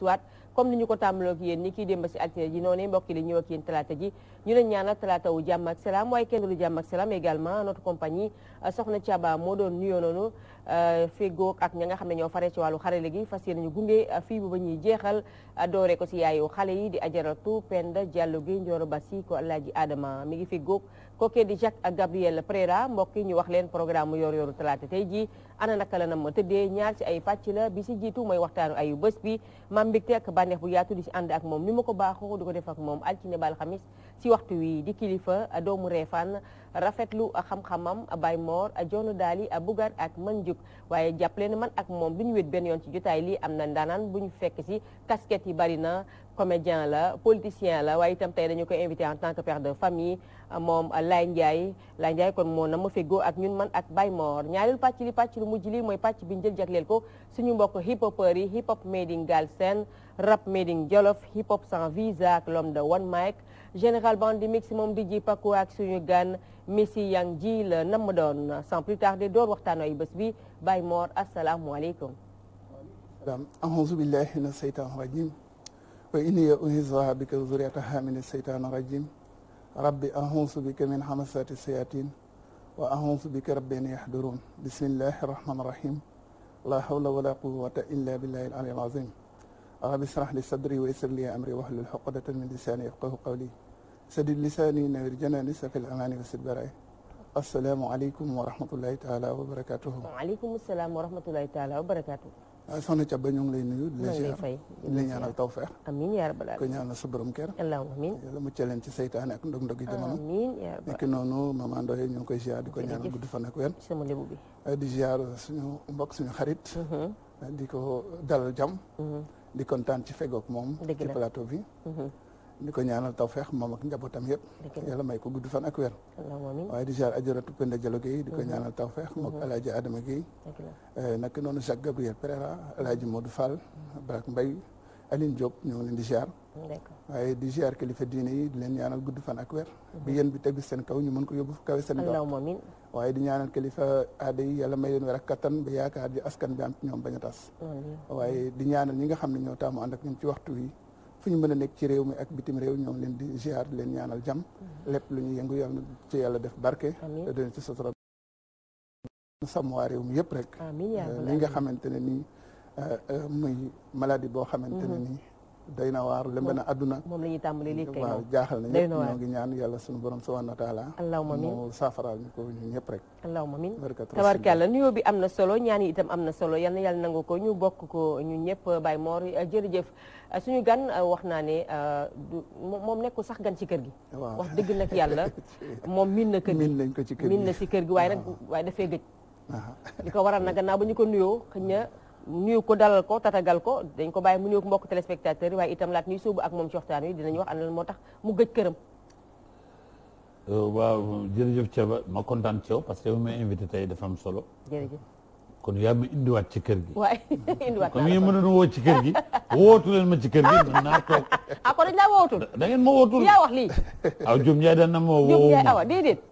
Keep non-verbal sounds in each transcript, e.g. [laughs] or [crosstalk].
suwaat comme ni ñu ko tàmbaloo ak yéen ni kii démb si altine ji noonu mbokk yi la ñëw ak yéen talaata ji ñu leen ñaanal talaata wu jàmm ak salaam waaye kenn du jàmm ak salaam également notre compagnie euh, soxna Thiaba moo doon nuyoo noonu euh, fegoog ak ña nga xam ne ñoo fare ci wàllu xarale gi fas yéene ñu gunge euh, fii bu ba ñuy jeexal doore ko si yaayu xale yi di ajaratu Penda Diallo gi Ndioro Basi ko ji Adama mi ngi fegoog kookee di Jacques ak Gabriel Préra mbokk yi ñu wax leen programme yor yoru talaata tey jii ana naka la na ma tëddee ñaar ci ay pàcc la bi si jiitu mooy waxtaanu ayu bés bi mam mbégte ak bànneex bu yaatu di si ànd ak moom ni ma ko baaxoo di ko def ak moom altine bal xamis si waxtu wii di kilifa doomu reefaan rafetlu xam-xamam moor Mor Joonu Daali Bugar ak man juk waaye jàpp leen man ak moom du ñu wet benn yoon ci jotaay lii am na ndaanaan bu ñu fekk si casquette yi bari na comédien la politicien la waaye itam tey dañu koy invité en tan que père de famille moom Laye Ndiaye Laye kon moo na ma feggoo ak ñun man ak Baye Mor ñaareelu pàcc li pàcc lu mujj li mooy pàcc bi ñu jël jagleel ko suñu mbokk hip hopeurs yi hip hop made in Galsen rap made in Jolof hip hop sans visa ak l'homme de one mic général bandi mix moom di ji Paco ak suñu gan Messi yang ji la nam ma doon sans plus tarder door waxtaan ay ba bi Baye Mor asalaamualeykum. maanaam ahousu billahi mina wa inni u'iizuhaa bika wa zurriyyatahaa mina shaytaani rajiim rabbi a'uuzu bika min hamazaati shayaatiin wa a'uuzu bika rabbi an yahduruun bismillaahi rahmaani rahiim laa hawla wa laa quwwata illaa billaahil aliyyil aziim rabbi ishrah li sadrii wa yassir li amrii wahlul uqdatan min lisaanii yafqahuu qawlii saddid lisaanii nawwir janaanii saffil amaanii wasid baraay assalaamu aleykum wa rahmatullaahi taalaa wa barakaatuh. Waaleykum salaam wa rahmatullaahi taalaa wa barakaatuh. waaw ah, soxna Thiaba ñu ngi lay nuyu. di la fay di la ñaanal tawfeex. amiin ko ñaanal sa borom kër. allahumma leen ci saytaane ak ndog-ndog yi jamono. amiin yaa rabbal nekk noonu maman Ndoye ñu koy ziar di ko ñaanal gudd fan ak wér. sama eh, di ziar suñu mbokk suñu xarit. Mm-hmm. Eh, di ko dalal jam mm-hmm. di kontaan ci fegoog moom. ci plateau bi. Mm-hmm. di ko ñaanal tawfeex moom ak njabootam yëpp yàlla may ko gudd fan ak wér waaye di ziar ajaratu Penda Diallo Gueye di ko mhm. ñaanal tawfeex mook mhm. alaaji Adama Gueye eh, nak noonu Jacques Gabriel Pereira alaaji Modou Fall mhm. Barak Mbaye Aline Diop ñoo leen di ziar waaye di ziar kilifa diine yi di leen ñaanal gudd fan ak wér bi yéen bi tegu seen kaw ñu mën ko yobu fu kawe seen doom waaye di ñaanal kilifa aada yi yàlla may leen wér ak kattan ba yaakaar ji askan bi am ñoom bañ a tas waaye di ñaanal ñi nga xam ne ñoo taamu ànd ak ci waxtu yi fu ñu mën a nekk ci réew mi ak bitim réew ñoom leen di ziar leen ñaanal jàmm mm-hmm. lépp lu ñu yëngu yal ci yàlla def barke dañ ci sotra sàmm waa réew mi yëpp rek euh, li nga xamante ne nii euh, euh, muy maladie boo xamante ne mm-hmm. nii day na waar lembe na adduna moom la ñuy léegi tey waaw jaaxal na ñëpp ñaan yàlla suñu borom subhanahu wa mu saafaraal ñu ko ñu ñëpp rek allahumma min tabarkàlla bi am na solo ñaan yi itam am na solo yal na yàlla ko ñu bokk ko ñu ñëpp Baye Mor euh, jërëjëf euh, suñu gan euh, wax naa ne moom nekkul sax gan ci kër gi wax dëgg nag yàlla [laughs] [laughs] moom min na kër gi nañ ko ci kër gi si kër gi waaye nag waaye dafee gëj li ko waral nag gannaaw ba ñu ko nuyoo xëñ na nuyu ko dalal ko tatagal ko dañ ko bàyyi mu nuyu mbokk téléspectateur yi waaye itam laat ñuy sóobu ak moom ci waxtaan wi dinañu wax ana lan moo tax mu gëj këram. Euh, waaw jërëjëf Thiaba ma kontaan ci parce que yow may invité tey dafa am solo. kon yaa ma indiwaat ci kër gi. waay [laughs] indiwaat comme yéen mënoon ci kër gi wootu leen ma ci kër gi mën naa toog. [laughs] ah kon dañ laa wootul. da ngeen ma wootul yaa wax lii. aw Diop Ndiaye daan na ma woo.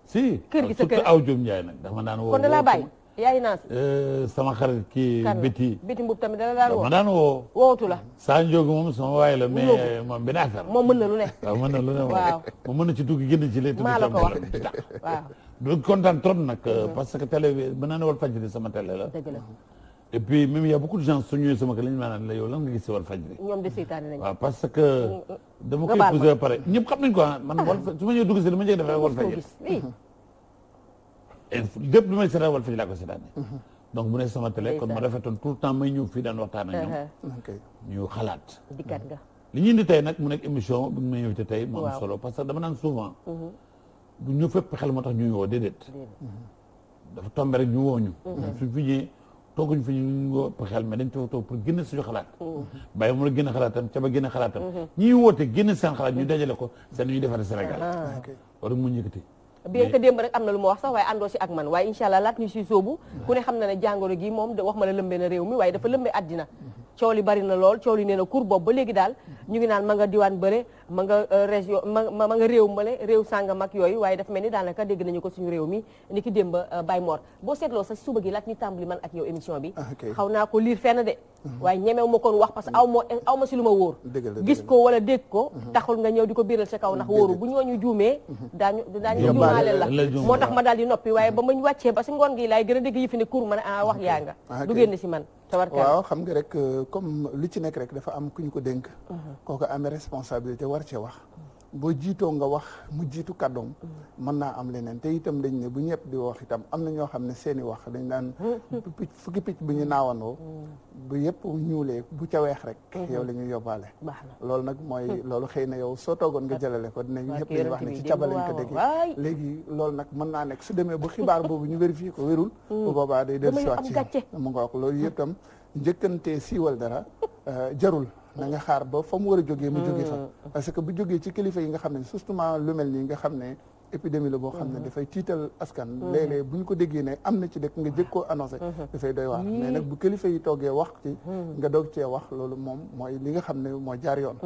si kër gi sa kër aw Diop Ndiaye nag dama daan woo. kon da laa yaay naas. Eh, sama xarit kii Biti. Biti mbub tamit dana daan woo dama daan woo. wootu la. saa njóogu moom sama waay la mais moom benn affaire. moom mën na lu ne. waaw mën na lu ne waaw. moom mën na ci dugg génn ci léegi. maa la ko wax waaw. du kontaan trop nag parce que télé bi mën naa ne sama télé la. dëgg la. et puis même y' a beaucoup de gens su ñëwee sama kër la ñu yow lan nga gis si Walfadjri. parce que. dama koy poussé ba pare ñëpp xam nañu quoi man Walf su ma ñëwee dugg si li ma njëkk a lépp lu may seetaan wal faj laa ko seetaanee donc mu ne sama télé kon ma rafetoon tout le temps may ñëw fii daan waxtaan xalaat li ñu indi tey nag mu nekk émission bi may tey mu am solo parce que dama naan souvent mhm. ñu fépp xel moo tax ñuy woo déedéet mhm. dafa tombe rek ñu woo ñu mhm. suñ fi ñëwee tooguñ fi ñu woo xel mais dañ toog toog pour génne suñu xalaat bàyyi mu la génne xalaatam ca ba génne xalaatam ñuy woote génne seen xalaat ñu dajale ko seen ah. ñu defare Sénégal war mu njëkkati bien que démb rek am na lu ma wax sax waaye àndoo si ak man waaye incha allah laat ñu si sóobu ku ne xam na ne jàngoro moom wax ma la lëmbee na réew mi waaye dafa lëmbee àddina coow li bari na lool coow li nee na kur boobu ba léegi daal ñu ngi naan ma nga diwaan bëre ma nga euh, région ma ma nga réew male réew yooyu waaye dafa mel ni daanaka dégg nañu ko suñu réew mi ni ki démb euh, Baye Mor boo seetloo sa suba gi laat ñu tàmbali man ak yow émission bi ah, xaw mhm. ñemew ma koon wax parce que aw ma si lu ma wóor mhm. bu ñooñu juumee mhm. daañu daañu juumaale la moo tax ma daal di noppi waaye ba mañ wàccee ba si ngoon gi laay gën a dégg yi fi kur man a ah, wax yaa nga ah, du génn si man tabarka waaw xam nga euh, ci nekk rek dafa am kuñ ko dénk kooku amee responsabilité war cee wax boo jiitoo nga wax mu jiitu kàddoom mën naa am leneen te itam dañ ne bu ñëpp di wax itam am na ñoo xam ne seeni wax dañ daan picc fukki picc bu ñu naawandoo bu yëpp ñuulee bu ca rek yow la ñuy yóbbaale loolu nag mooy loolu xëy na yow soo toogoon nga jëlale ko dinañ ñëpp dañu wax ne ci cabalañ ko dégg léegi loolu nag mën naa nekk su demee bu [laughs] xibaar boobu ñu vérifié ko wérul hmm. bu boobaa day dellu si waat ci mu nga wax loolu yëpp tam njëkkante siiwal dara [laughs] euh, jarul na nga xaar ba fa mu war a jógee mu fa mm. parce que bu jógee ci kilifa yi nga xam ne surtout lu mel ni nga xam ne épidémie la boo xam ne mhm. dafay tiital askan mhm. léeg-léeg bu ñu ko déggee ne am na ci dëkk nga jëkk koo annoncé mhm. dafay doy waar mais nag bu kilifa yi toogee wax ci nga doog cee wax loolu moom mooy li nga xam ne moo jaar yoon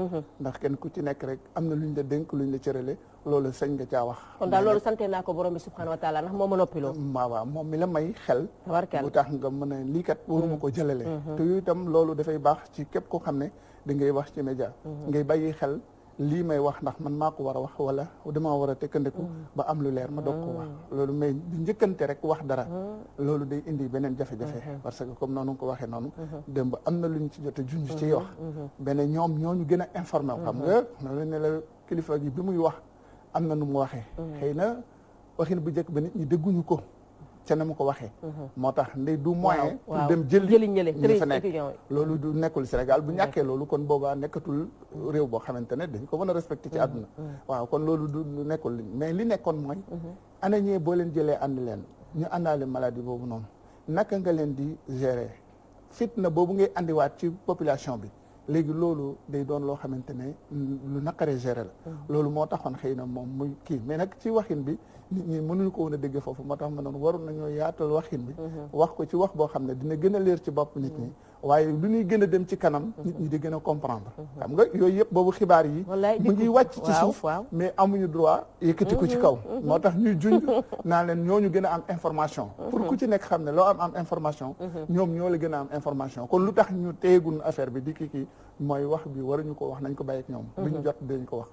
ndax kenn ku ci nekk rek am na lu ñu la denk lu ñu la cërale loolu sañ nga caa wax kon daal loolu sante naa ko borom bi subhanahu wa taala ndax moo ma noppiloo mm, waaw waaw moom mi la may xel bu tax nga mën a lii kat waruma ko jëlale te itam loolu dafay baax ci képp koo xam ne da ngay wax ci média ngay bàyyi xel lii may wax ndax man maa ko war a wax wala damaa war a tekkandiku mm. ba am lu leer ma doog ko wax mm. loolu may di njëkkante rek wax dara mm. loolu day indi beneen jafe-jafe mm-hmm. parce que comme noonu nga ko waxee noonu mm-hmm. démb am na lu ñu ci jot a junj ci wax mm-hmm. beneen ñoom ñoo ñu gën a informé xam nga noonu ne la kilifa gi bi muy wax am na nu mu waxee xëy na waxin bu njëkk ba nit ñi dégguñu ko ca na mu ko waxee mhm. moo tax ndey du moyen pour dem jëli ñi fa nekk loolu du nekkul Sénégal bu ñàkkee loolu kon boobaa nekkatul réew boo xamante ne dañ ko mën a respecté ci mhm, àdduna mhm. waaw kon loolu du nekkul mais li nekkoon mooy ana ñee boo leen jëlee ànd leen ñu àndaale maladie boobu noonu nakk nga leen di gérer fitna boobu ngay andiwaat ci population bi léegi loolu day doon loo xamante ne lu naqaree gérer la. Mm. loolu moo taxoon xëy na moom muy kii mais nag ci waxin bi nit ñi mënuñu ko woon a dégg foofu moo tax ma noonu waroon nañoo yaatal waxin bi. Mm-hmm. wax ko ci wax boo xam ne dina gën a leer ci bopp nit ñi. Mm. waaye lu ñuy gën a dem ci kanam nit ñi di gën a comprendre xam nga yooyu yëpp boobu xibaar yi mu ngiy wàcc ci suuf mais amuñu droit yëkkati ko ci kaw mhm, mhm. moo tax ñuy junj [laughs] naa leen ñooñu gën a am information pour mhm. ku ci nekk xam ne loo am am information ñoom ñoo la gën a am information kon lu tax ñu teegun affaire bi di kii kii mooy wax bi ñu ko wax nañ ko bàyyi ak ñoom lu ñu jot dañ ko wax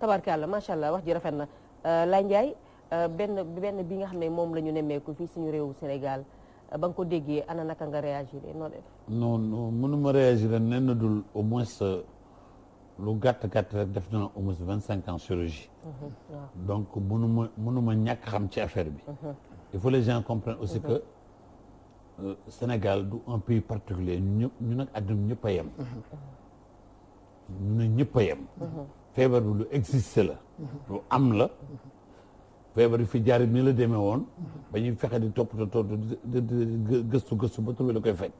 tabarkàlla macha allah wax ji rafet na euh, Laye Ndiaye euh, benn benn bi nga xam ne moom la ñu nemmeeku fii suñu réewu Sénégal Euh, ba nga ko déggee ana naka nga réagir noo def. non non mënuma réagir na dul au moins euh, lu gàtt gàtt def na au moins vingt cinq ans chirurgie. Mhm, donc mënuma ñàkk xam ci affaire bi. Mhm. il faut les gens comprennent aussi mhm. que euh, Sénégal du un pays particulier ñu ñu nag àdduna ñëpp a yem. ñu ne ñëpp a yem. feebar bi lu existe la. lu am la. feebar fi jaar nii la demee woon ba ñu fexe di topp tontu gëstu gëstu ba trouvé la koy fekk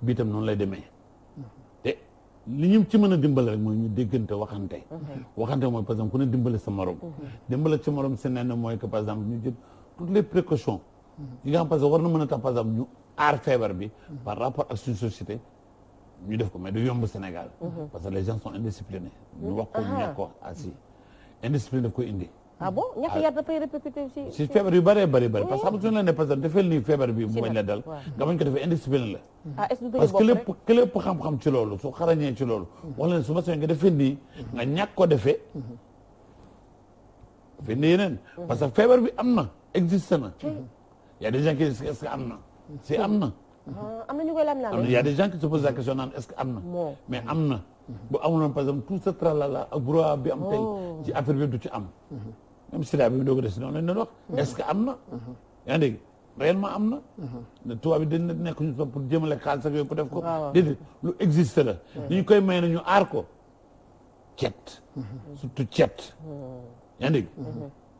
bi itam noonu lay demee te li ñu ci mën a dimbale rek mooy ñu déggante waxante waxante mooy par exemple ku ne dimbale sa morom dimbale sa morom si nen mooy que par exemple ñu jël toutes les précautions yi nga xam parce que war na mën a tax par exemple ñu aar feebar bi par rapport ak suñu société ñu def ko mais du yomb Sénégal mhm. parce que les gens sont ah bon ñàkk yar ah. si. feebar yu bare bari bari parce que xam nga suñu ne parce que defal nii feebar bi bu bañ la dal. nga bañ ko defee indiscipline la. ah est-ce que xam-xam ci loolu su xarañee ci loolu. Mm-hmm. wax la ne su ma soobee nga defal nii nga ñàkk ko defee. Mm-hmm. fi nii yeneen. Mm-hmm. parce que feebar bi am na existe na. y des gens qui disent est-ce que am na. am na. Ah, am na ñu koy laam y a des gens qui se que am na. mais am na. bu amuloon par exemple tout ce tralala ak brouhaha bi am tey oh. ci affaire du ci am. même sida bi mu doog a des noonu lañ doon wax. Mm-hmm. est am na. Mm-hmm. yaa ngi dégg réellement am na. Mm-hmm. ne bi dañ nekk ñu pour jëmale xaalis ak yooyu pour def ko. Ah, déedéet lu existe la. ni ñu koy may na ñu aar ko. cet. surtout cet. yaa ngi dégg.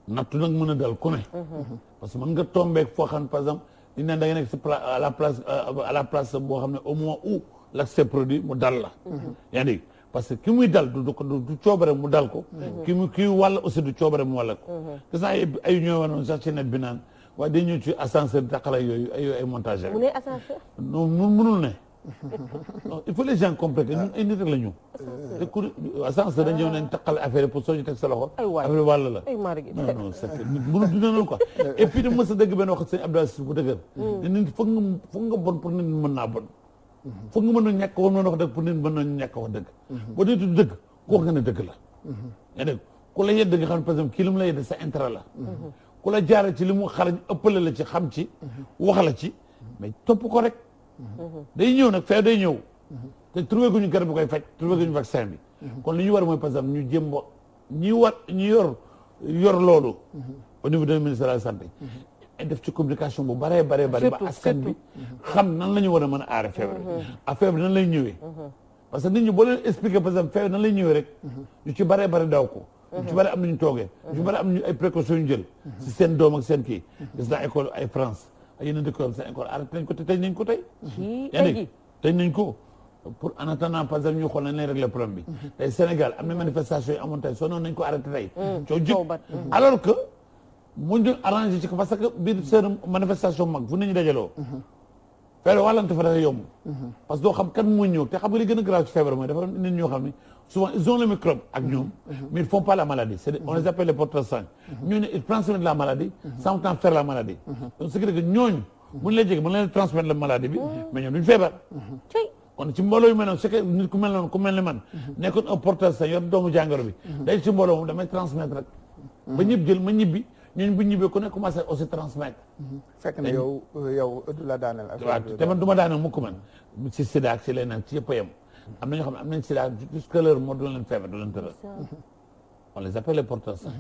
nattu nag mën a dal ku ne. parce que mën nga tombeek foo xam par exemple ñu ne da nga nekk si à la euh, la place boo xam ne au moment où l'accès produit mu dal la. yaa parce que ki muy dal du ko coobare mu dal ko. Mhm. ki mu kii wàll aussi du coobare mu wàll ko. Mhm. gis naa ay ñoo wanoon sax ci net bi naan waaye dañu ci ascenseur yooyu ay ay montage mu ne ascenseur. non mënul ne. [laughs] non il faut te ku pour soo ñu teg sa loxo. affaire wàll la. non non c'est que mënul dina noonu quoi. [laughs] et puis de mës a dégg benn wax sëñ bu dëgër. Mm. ne bon pour nit mën naa bon. foog nga mën a ñàkk war mën a wax dëgg pour nit mën na ñàkk wax dëgg mm-hmm. boo dee tudd dëgg ku wax nga dëgg la mm-hmm. nga dégg ku la yedd nga xam ne par exemple kii li mu la yedd sa la mm-hmm. ku la ci li mu xarañ ëppale la ci xam ci wax la ci mais topp ko rek day ñëw nag feew day ñëw te trouvé gu ñu garab bi koy faj trouvé gu ñu vaccin bi kon li ñu war mooy par exemple ñu jéem ñi war ñu yor yor loolu au niveau du ministère de la def ci communication bu baree bare ba a mën bi mhm. ak feebar nan lay ñëwee mhm. parce que nit ñi boo leen expliqué par exemple feebar nan lay ñëwee rek mhm. ñu ci baree bare ñu ci bari am nañu toogee ñu ci bari ay précautions ay France ay yeneen dëkk yoo xam seen école arrêté nañ ko manifestation yi amoon tey soo noonu nañ ko arrêté tey coow jub mu ñu arrangé ci ko parce biir seen manifestation mag fu nañu dajaloo feebar wàllante fa dafa yomb parce que doo xam kan mooy ñëw te xam nga li gën a grave ci feebar mooy dafa nit ñoo xam ne souvent ils ont le microbe ak ñoom mais ils font la maladie c'est on les appelle les porteurs sains ñooñu ils transmettent la maladie sans transférer la maladie donc ce qui veut dire que ñooñu bu jege mën leen transmettre la maladie bi mais ñoom duñu feebar kon ci mbooloo ñooñu bu ñu ñibbee ku ne commencé aussi transmettre. fekk na yow yow du la daaneel. waaw te man si sida si leneen ci yëpp yem. am na ñoo xam ne am nañ sida jusqu'à l'heure moo du leen feebar du leen tëral. on les appelle les porteurs sains.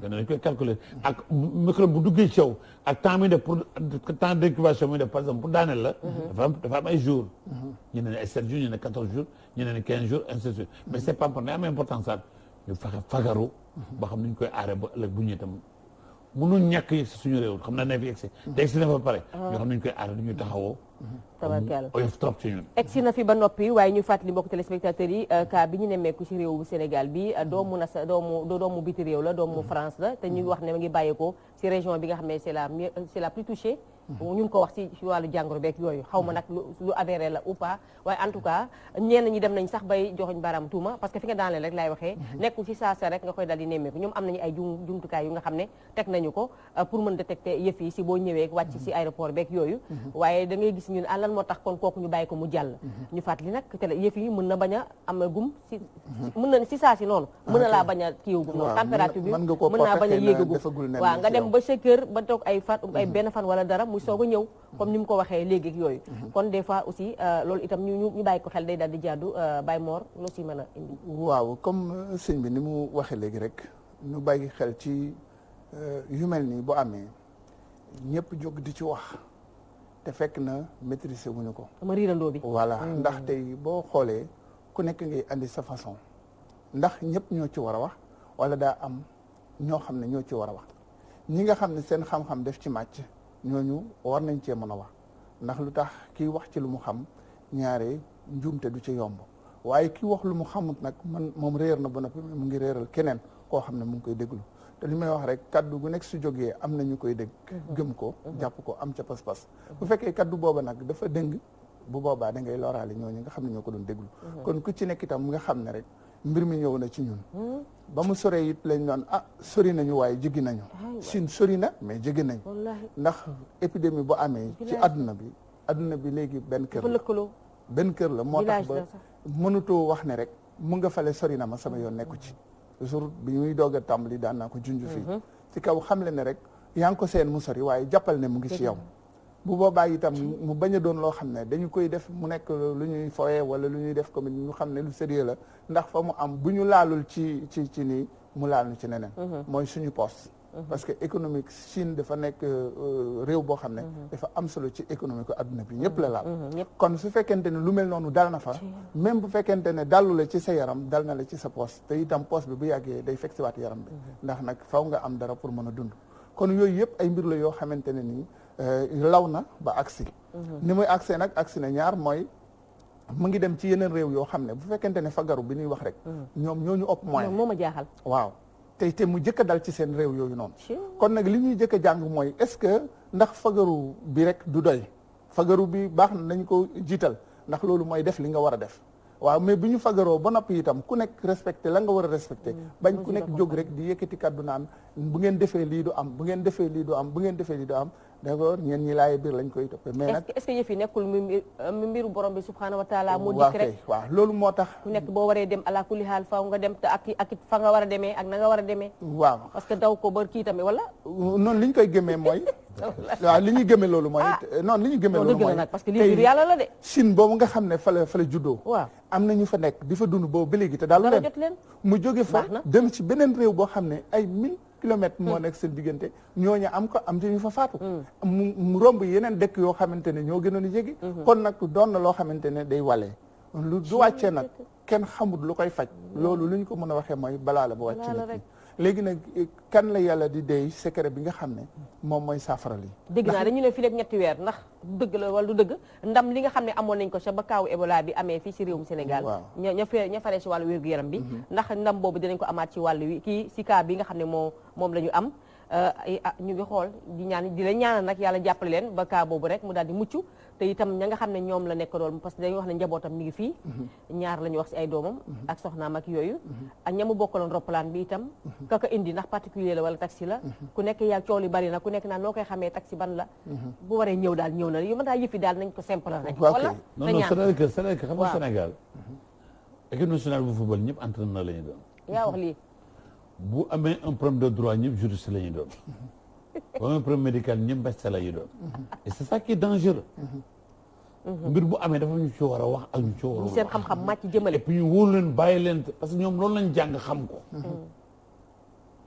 dañu koy calculer ak microbe bu duggee ci yow ak temps muy def pour temps d'incubation muy def par exemple pour daaneel la. Mhm. dafa am dafa am ay jours. ñu ne ne ay 7 jours ne 14 jours ñu ne ne 15 jours ainsi de suite mais c'est pas important mais am importance sax ñu fexe fagaru. ba xam ni ñu koy aaree bu ñëwee tam. mënuñ ñàkk yegg si suñu xam naa ne fi yegg mm-hmm. si. te si na fa pare. ñoo xam ne ñu koy aar ñu taxawoo. Mm-hmm. tabarkàlla mm-hmm. oyof oh, trop ci ñun egsi na fi ba noppi waaye ñu fàttali mbokk téléspectateurs yi euh, cas bi ñu nemmeeku ci réew bu Sénégal bi euh, doomu na sa doomu doomu biti réew la doomu mm-hmm. France la te ñu mm-hmm. wax ne ma ngi bàyyeekoo ci région bi nga xam ne c'est la euh, plus touchée ñu ngi ko wax ci wàllu jàngoro beeg yooyu xaw ma nag lu avéré la ou pas waaye en tout cas ñenn ñi dem nañ sax bay joxoñ baaraam tuuma parce que fi nga daaneel rek laay waxee nekkul ci saasa rek nga koy dal di nemmeeku ñoom am nañu ay jum jumtukaay yu nga xam ne teg nañu pour mën détecter yëf yi si boo ñëwee wàcc si aéroport beeg yooyu waaye da ngay moo tax kon kooku ñu bàyyi ko mu jàll mhm. ñu fàttali nag télé yëf yi mën na bañ a ama gum si mhm. mën na si saa si noonu ah, mën na laa bañ a kiiwagum noonu température bi mën naa bañ a yéegagum waaw nga dem ba sa kër ba toog ay ay mhm. benn fan wala dara muy soog a ñëw comme ni mu ko waxee léegi yooyu kon des fois aussi euh, loolu itam ñu ñu bàyyi ko xel day daal di jaadu euh, bay moor loo si mën a indi waaw comme euh, sëñ bi ni mu waxee léegi rek ñu bàyyi xel ci yu mel nii bu amee ñëpp jóg di ci wax te fekk na maîtriser wuñu ko. dama riirandoo bi. voilà hmm. ndax tey boo xoolee ku nekk ngi andi sa façon ndax ñëpp ñoo ci war a wax wala daa am ñoo xam ne ñoo ci war a wax ñi nga xam ne seen xam-xam def ci màcc ñooñu war nañ cee mën a wax ndax lu tax kiy wax ci lu mu xam ñaare njuumte du ci yomb waaye ki wax lu mu xamut nag man moom réer na ba noppi mu ngi réeral keneen koo xam ne mu ngi koy déglu. te li may wax rek kaddu gu nekk su jógee am na ñu koy dégg. Mhm. gëm ko mhm. jàpp ko am ca pas-pas. Mhm. bu fekkee kaddu booba nag dafa dëng bu boobaa da ngay loraale ñooñu nga xam ne ñoo ko doon déglu. kon ku ci nekk itam nga xam ne rek mbir mi ñëw na ci ñun. ba mu soree it lañ doon ah sori nañu waaye jéggi nañu. Chine ah, sori na mais jéggi nañ ndax épidémie bu amee. ci àdduna bi àdduna bi léegi benn kër la. benn kër la moo tax mënatoo wax ne rek mu nga fale sori na ma sama yoon nekku ci. toujours bi ñuy doog a tàmbali daan naa ko junj fii mhm. ci kaw xamle ne rek yaa ngi ko seen mu sori waaye jàppal ne mu ngi ci yow bu boobaa itam mu bañ a doon loo xam ne dañu koy def mu nekk lu ñuy foye wala lu ñuy def comme ñu xam ne lu sérieux la ndax fa mu am bu ñu laalul ci ci ci nii mu laalul ci neneen mhm. mooy suñu poste Mhm. parce que économique Chine dafa nekk euh, réew boo xam ne. Mhm. dafa am solo ci économie ko adduna bi ñëpp la laal. Mhm. kon su fekkente ne lu mel noonu daal na fa. même bu fekkente ne dalu la ci sa yaram dal na la ci sa poos te itam poos bi bu yàggee day fekk si waat yaram bi. ndax nag faw nga am dara pour mën a dund. kon yooyu yëpp ay mbir la yoo xamante ne nii euh, law na ba agsi. ni muy agsee nag agsi na ñaar mooy. mu ngi dem ci yeneen réew yoo xam ne bu fekkente ne fagaru bi ñuy wax rek. ñoom ñoo ñu ëpp moyen. moo ma waaw. te te mu jëkk a dal ci seen réew yooyu noonu. kon nag li ñuy jëkk a jàng mooy est-ce que ndax fagaru bi rek du doy fagaru bi baax na nañ ko jiital ndax loolu mooy def li nga war a def. waaw mais bu ñu fagaroo ba noppi itam ku nekk respecté la nga war a respecté. Mm, bañ ku nekk jóg rek di yëkkati kàddu naan bu ngeen defee lii du am bu ngeen defee lii du am bu ngeen defee lii du am d' accord ñenn ñi laay biir lañ koy nekkul mu mbiru euh, borom bi subxanahu moo dikk rek loolu moo tax. ku nekk boo waree dem ala kulli xaal faaw nga dem te ak fa nga war a demee ak na nga war a demee. parce que daw ko ba kii tamit wala. noonu li ñu koy gëmee mooy. [laughs] waaw li ñuy gëmee loolu mooy. Ah. Euh, noonu li ñuy gëmee loolu parce que lii biir yàlla la de. Chine boobu nga xam ne fa la fa la juddoo. am na ñu fa nekk di fa dund boobu ba léegi te daal. dara jot leen mu jóge fa dem ci beneen réew boo xam ne ay mille kilomètres moo hmm. nekk seen diggante ñoo ñooñu am ko am te ñu fa faatu hmm. mu romb yeneen dëkk yoo xamante ne ñoo gën a jege hmm. kon nag doon na loo xamante ne day wale lu du wàccee nag kenn xamut lu koy faj loolu lu ñu ko mën a waxee mooy balaa la ba la nit léegi nag kan la yàlla di dey secret bi nga xam ne moom mooy saafara li dégg naa dañu ne fi nekk ñetti weer ndax dëgg la wala du dëgg ndam li nga xam ne amoon nañ ko ca ba kaawu Ebola bi amee fii si réewum Sénégal ña ña ña faree si wàllu wér-gu-yaram bi mhm. ndax ndam boobu dinañ ko amaat ci wàll wi kii si cas bi nga xam ne moo moom la ñu am euh, ah, ñu ngi xool di ñaan di la ñaanal nag yàlla jàppale leen ba cas boobu rek mu daal di mucc te itam ña nga xam ne ñoom la nekk lool parce que dañuy wax ne njabootam mi ngi fii ñaar la wax si ay doomam mhm. ak soxnaam ak yooyu mhm. ak ñamu bokkaloon roppalaan bi itam mhm. kaka indi ndax particulier la wala taxi la ku nekk yaa coow li bari na ku nekk naan noo koy xamee taxi ban la bu waree ñëw daal ñëw na yu mën ko simple rek wala non non c'est-à-dire que c'est-à-dire que xam nga Sénégal équipe nationale bu football ñëpp entraîneur yaa wax lii bu amee un problème de droit ñëpp juriste la ñu doon [laughs] bu amee médical ñëpp médecin la ñu doon et c'est ça qui dangereux Mhm. mbir bu amee dafa ñu ci war a wax a ñu ci a wax. seen xam-xam màcc jëmale. et puis ñu wóor leen bàyyi leen parce que ñoom loolu lañ jàng xam ko. Mhm.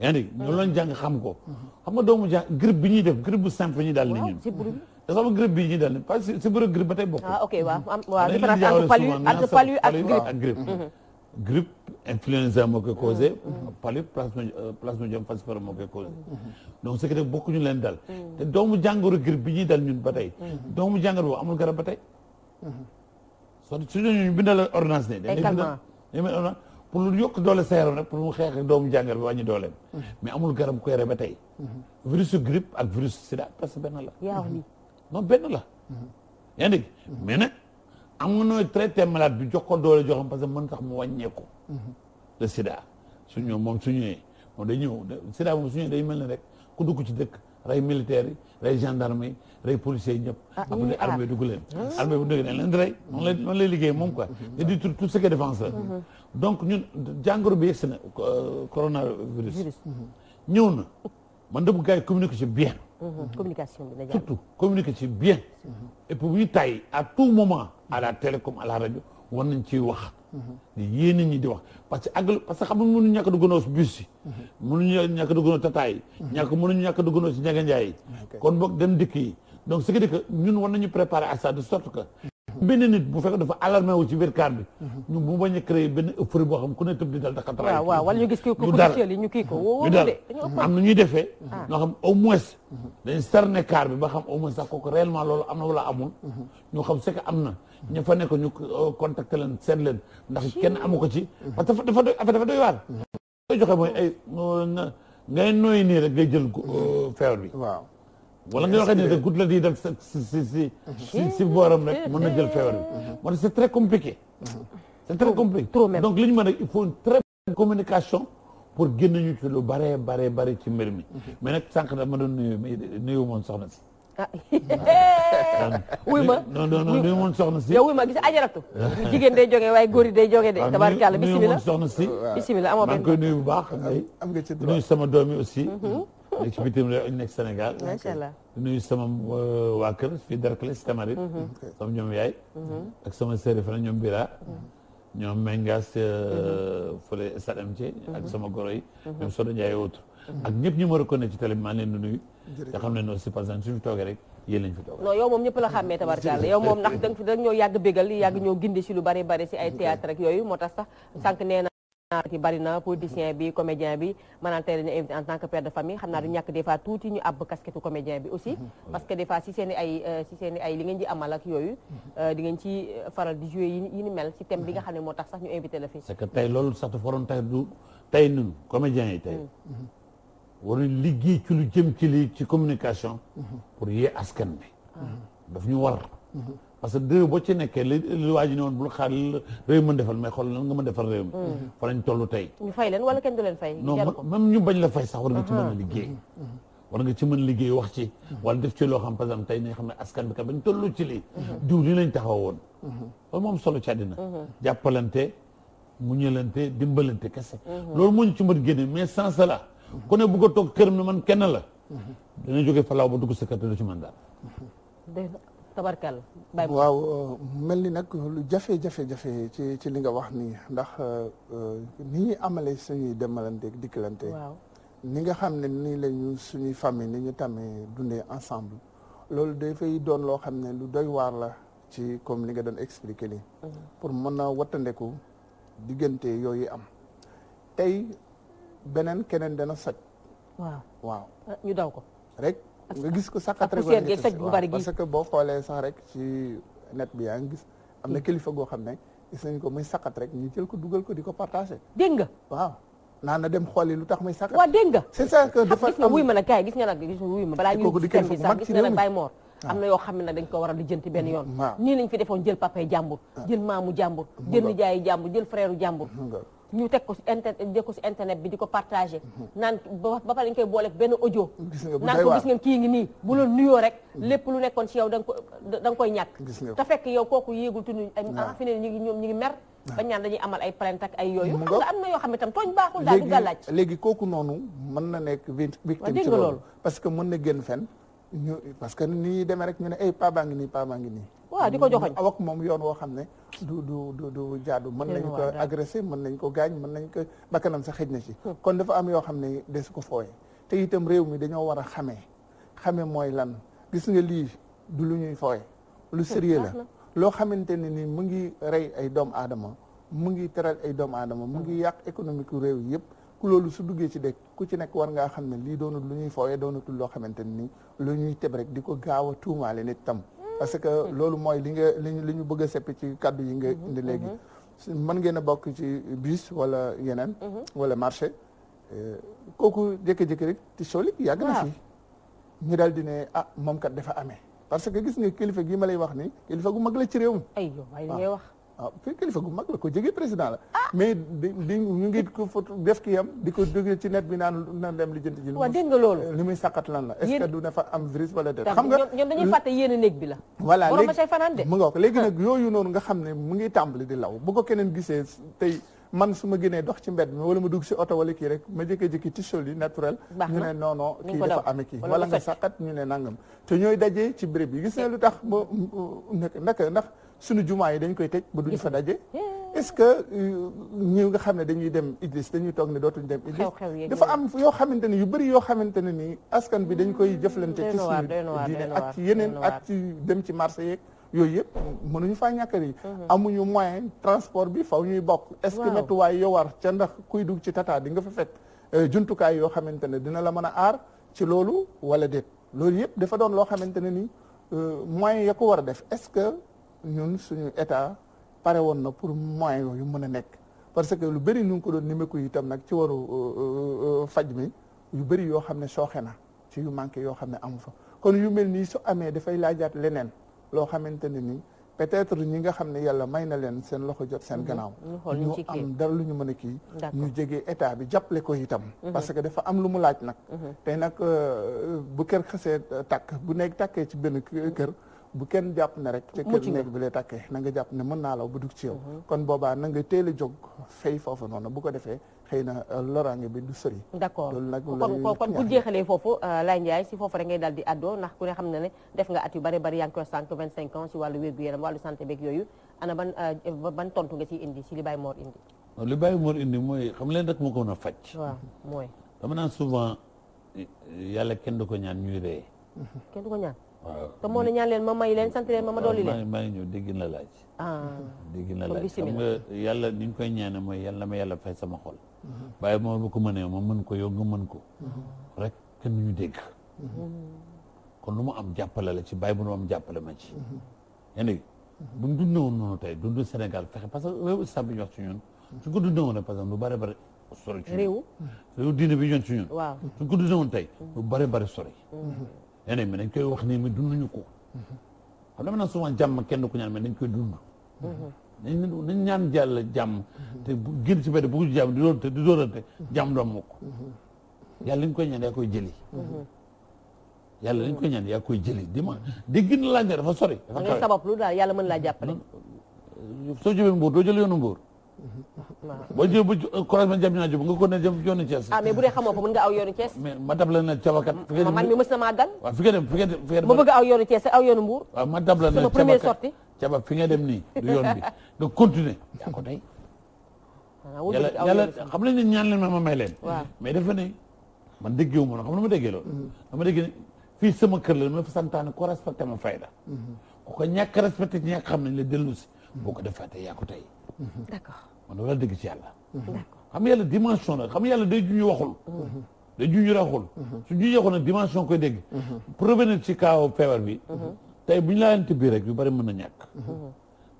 yaa ngi dégg loolu lañ jàng xam ko. Mhm. xam nga doomu jàng grippe bi ñuy def grippe bu dal ni ñun. te sama ba tey bokkul. ah ok grippe influenza moo koy causé. Mm-hmm. Mm-hmm. palu euh, plasmodium falciparum moo koy causé. Mm-hmm. donc ce qui def bokkuñu leen dal. te doomu jàngoro grippe bi ñuy dal ñun ba tey. doomu jàngoro boobu amul garab ba tey. soo suñu ñu bindal la ordonnance ne. dañuy bindal dañuy pour lu yokk doole sa yaram rek pour mu xeex doomu jàngoro bi wàññi dooleem. mais amul garab ku yore ba tey. virusu grippe ak virus sida parce que benn la. yaa non benn la. yaa ngi dégg mais nag. am nga nooy traité malade bi jox ko doole joxam parce que mën mu wàññeeku. Mhm. le su ñëw moom su ñëwee moom day ñëw sida moom su ñëwee day mel ni rek ku dugg ci dëkk rey militaire yi rey gendarme yi rey policiers yi ñëpp. Ah, après ah. armée dugg leen. Ah. armée bu dugg liggéey moom quoi. Mhm. te di tout tout ce qui défense mhm. donc ñun jàngoro bi yegsi na euh, coronavirus. ñëw na ma de bu gars yi communiqué ci bien. communication bi la surtout communiqué bien. et puis bu tay à tout moment. à la télé comme à la nañ ciy wax. yéen ñi di wax parce que àgg parce que xam nga mënuñu ñàkk a duggandoo si bus yi. mënuñu ñàkk a duggandoo tataay yi. ñàkk mënuñu ñàkk a duggandoo si njaganjaay yi. kon boog dem dikk yi donc ce qui dit que ñun war nañu préparer à ça que. benn nit wu ci biir car bi. ñu bu bañ xam ku ne dal am na ñuy defee. Ah. ñoo xam au moins. dañ sarne car bi ba xam au moins sax kooku réellement loolu am na wala amul. Mhm. ñu xam c'est am na ñu fa nekk ñu contacté leen seet leen ndax kenn amu ko ci parce que dafa doy affaire dafa doy waar mm. koy joxe mooy ay euh, ngay nooy nii rek ngay jël euh, feebar bi waaw wala nga waxee nii rek guddi la di def si si si si si booram rek mën na jël feebar bi mm-hmm. Mm-hmm. moo tax c'est très compliqué mm-hmm. c'est très compliqué donc li ñu mën rek il faut une communication pour génn ñu ci lu bare bare bare ci mbir mi mais nag sànq dama doon nuyu nuyu moom soxna si ah. [laughs] wuy ma non non non nuyu woon si. jigéen day joge waaye góor yi day joge de. Ah, tabaarkàlla bisimilah soxna si. bisimilah bu baax. am nga ci droit nuyu sama doom yi aussi. Mhm. nekk bitim réew nekk Sénégal. macha allah nuyu sama euh, waa kër fii Derklés Tamarit. Mhm. ñoom yaay. Mhm. ak sama séeréer fan ñoom Bira. ñoom Mengas euh, fële Stade Amitié. ak sama goro yi. ñoom Soda Ndiaye autre ak ñëpp ñu ma reconnaître ci télé bi maa nga xam ne noonu si par exemple suñu toogee rek yéen lañ fi toog non yow moom ñëpp la xàmmee tabarkalla yow moom ndax danga ñoo yàgg bégal yàgg ñoo ginde si lu bari bari si ay théâtre yooyu moo tax sax sànq nee na politicien bi comédien bi maanaam tey dañu en tant que père de famille xam naa du ñàkk des tuuti ñu àbb casquette comédien bi aussi mmh. parce que des fois si ay euh, si seen ay li ngeen ci amal ak yooyu mmh. euh, di ci faral di jouer yi ni war a liggéey ci lu jëm ci li ci communication. pour yee askan bi. daf ñu war. parce que dëgg boo ci nekkee li li waa ji ne woon bul xaar réew mën defal may xool lan nga mën defal réew mi. fa lañ toll tey. ñu fay leen wala kenn du leen fay. non même ñu bañ la fay sax war nga ci mën a uh-huh. liggéey. nga ci mën liggéey wax ci. wala def ci loo xam par exemple tey nañ xam ne askan bi kat bañ toll ci lii. Uh-huh. diw lii lañ taxaw woon uh-huh. moom solo ci àddina. jàppalante muñalante dimbalante kese. loolu moo ñu ci mën génne mais sans la kone ne bëgg toog këram ne man kenn la. dana jóge falaaw ba dugg sa kër du ci man dara. dégg nga waaw euh, mel ni nag lu jafe-jafe-jafe ci ci li nga wax nii ndax euh, ni ñuy amalee suñuy demalanteeg dikkalante. ni nga xam ne nii lañu suñuy famille ni ñu tamee dundee ensemble. loolu dafay doon loo xam ne lu doy waar la ci comme li nga doon expliquer nii. Mm-hmm. pour mën a wattandeku diggante yooyu am. tey beneen keneen dana soj. waaw waaw. Ah, ñu daw ko. rek nga gis ko sax. ak parce que boo xoolee sax rek ci net bi yaa ngi gis am na mm. kilifa goo xam ne gis nañ ko muy saxat rek ñu jël ko dugal ko di ko partagé. dégg nga waaw. naa na dem xooli lu tax muy sakkat. waaw dégg nga gis nga wuy ma nag gars gis nga nag gis nga ah. am na yoo xam ne nag dañ ko war a lijjanti benn mm, yoon nii lañ fi defoon jël papay jàmbur ah. jël maamu jàmbur jël nijaayi jàmbur jël frère jàmbur ñu teg ko si internet dégg si internet bi di ko partagé. naan ba ba pare koy booleeg benn audio. naan ko gis ngeen kii ngi nii bu la nuyoo rek. Mm. lépp lu nekkoon ci yow danga nga ko da nga koy ñàkk. te fekk yow kooku yéegul tunu. waaw ah, fi ne ñu ngi ñoom ñu ngi mer. ba ñaan dañuy amal ay plainte ak ay yooyu. xam nga am na yoo xam ne tam tooñ baaxul daal di gàllaaj. léegi kooku noonu mën na nekk victime ci loolu parce que mën na génn fen ñu parce que ni demee rek ñu ne eh, ay ngi nii paa baa ngi nii waaw di ko joxoñ awak moom yoon woo xam ne du du du du jaadu mën nañ ko agressé mën nañ koo gaañ mën nañ ko bakkanam sa xëj hmm. kon dafa am yoo xam ne des ko fooye te itam réew mi dañoo war a xame xamee mooy lan gis nga lii du lu ñuy fooye lu hmm, sérieux la loo xamante ne ni mu ngi rey ay doomu aadama mu ngi teral ay doomu aadama mu ngi hmm. yàq économique réew yëpp ku loolu su duggee ci dëkk ku ci nekk war ngaa xam ne lii doonut lu ñuy fooye doonatul loo xamante ne ni lu ñuy teb rek di ko gaaw a tuumaale nit tam parce que hmm. loolu mooy li nga li li ñu bëgg a seppi ci kàddu yi nga hmm. indi léegi man hmm. ngeen a bokk ci bus wala yeneen wala marché euh, kooku jékki-jékki rek ti soli yàgg na fi ñu daal di ne ah moom kat dafa amee parce que gis nga kilifa gii ma lay wax ni kilifa gu mag la ci réew mi ay yow wax ah fii kilifa gu mag la ko jege président la. Ah. mais di di ñu ngi ko fa def ki yam di ko déglu ci net bi naan naan dem lijjanti ji. waaw dégg nga loolu muy sàkkat lan la. est ce que du na fa am virus wala déet. xam nga ñoom dañuy fàtte yéen bi la. voilà léegi borom fanaan de. mu nga ko yooyu noonu nga xam ne mu ngi tàmbali di law bu ko keneen gisee tey. man su ma génnee dox ci mbed mi wala ma dugg si oto wala kii rek ma jékki-jékki tisol yi naturel ñu ne non non kii dafa ame kii wala nga sàqat ñu ne nangam te ñooy dajee ci béréb bi gis na lu tax ba nak nak ndax suñu jumaa yi dañu koy teg ba duñu fa daje est-ce que euh, ñu nga xam ne dañuy dem église dañuy toog ne dootuñu dem église dafa am yoo xamante ne yu bëri yoo xamante ne nii askan bi dañ koy mm, jëflante ci suñu diine ak yeneen ak ci dem ci marché yeeg yooyu yëpp mënuñu faa ñàkkar yi mm-hmm. amuñu moyen transport bi faw ñuy bokk est-ce que méttuwaay yo war ca ndax kuy dugg ci tata di nga fa fekk euh, jumtukaay yoo xamante ne dina la mën a aar ci loolu wala déet loolu yëpp dafa doon loo xamante ne nii euh, moyen ya ko war a def est-ce que ñun suñu état pare woon na pour moyens yu mën a nekk parce que lu bëri ñu ko doon nimeku itam nag ci waru euh, euh, euh, faj mi yu bëri yoo xam ne sooxe na ci yu manqué yoo xam ne amu fa kon yu mel nii su amee dafay laajaat leneen loo xamante ne nii peut-être ñi nga xam ne yàlla may na leen seen loxo jot seen mhm. gannaaw ñu am dara lu ñu mën a kii ñu jege état bi jàppale ko itam mhm. parce que dafa am lu mu laaj nag mhm. tey nag bu kër xasee tàkk bu nekk takkee ci benn kër bu kenn jàpp ne rek. mucc nga nekk bi lay takkee na jàpp ne mën naa law bu dugg ci yow. Mhm. kon boobaa na nga teel a jóg fay foofu noonu bu ko defee xëy na euh, loraange bi du sori. d'accord kon kon bu jeexalee foofu euh, Laye Ndiaye si foofu rek ngay daal di àddoo ndax ku ne xam na ne def nga at yu bari bari yaa ngi koy sànq 25 ans si wàllu wér gu yaram wàllu santé beeg yooyu ana ban euh, ban tontu nga ciy indi si li Baye indi. li Baye indi mooy xam leen rek moo ko mën a faj. waaw mooy. dama naan souvent yàlla kenn du ko ñaan ñuy ree. kenn ko ñaan. waaw te moo ne ñaan leen ma may leen sant leen ma ma dolli leen. may ñëw dégg na laaj. Ah. dégg na laaj xam nga yàlla ni ñu koy ñaane mooy yàlla ma yàlla fay sama xol. waaye moom ko mënee ma mën ko yow nga mën ko. rek kenn ñu dégg. kon lu mu am jàppale la ci bàyyi bu nu am jàppale ma ci. yaa bu ñu dundee woon noonu tey dundu Sénégal fexe parce que réew islam bi ñu wax ci ñoon su ñu ko dundee woon par lu bari bari sori ci ñun. réew diine bi ñu tey lu bari bari sori. nee nañ mais dañ koy wax nii mais dunduñu ko. xam dama naan souvent jàmm kenn ku ñaan mais dañ koy dund. nañ ñaan jàll jàmm. te bu génn ci benn bu jàmm di doon te di doorante jàmm du am mukk. yàlla li ñu koy ñaan ko koy jëli. yàlla li ñu koy ñaan yaa koy jëli di ma dégg na laaj dafa da ngay sabab lu daal yàlla mën laa jàppale. soo jëmee mbuur doo jël yoonu boo jë bu croisement jam ñaa jub ko ne jëm yoonu Thiès ah mais bu dee xamoo ko mën nga aw yoonu Thiès mais ma dab la ne man mi na ma bëgg aw yoonu la ne première sortie dem nii du bi [laughs] nga continuer yaa ko tey ah, yàlla yàlla xam nañ ne ñaan leen ma ma may leen mais dafa ne man déggewu ma xam na ma déggee loolu mm-hmm. dama dégg ne fii sama kër la ma fa santaane ko respecté ma fayda mm-hmm. ku ko ñàkk respecté ci ñàkk xam nañ la dellu si boo ko defaatee yaa ko tey d'accord man loolu laa dégg ci yàlla. xam nga yàlla dimension la xam nga yàlla day ju ñu waxul. day ju ñu raxul. su ju ñu waxul nag koy dégg. pour ci kaaw feebar bi. tey bu ñu laajante biir rek yu bari mën na ñàkk.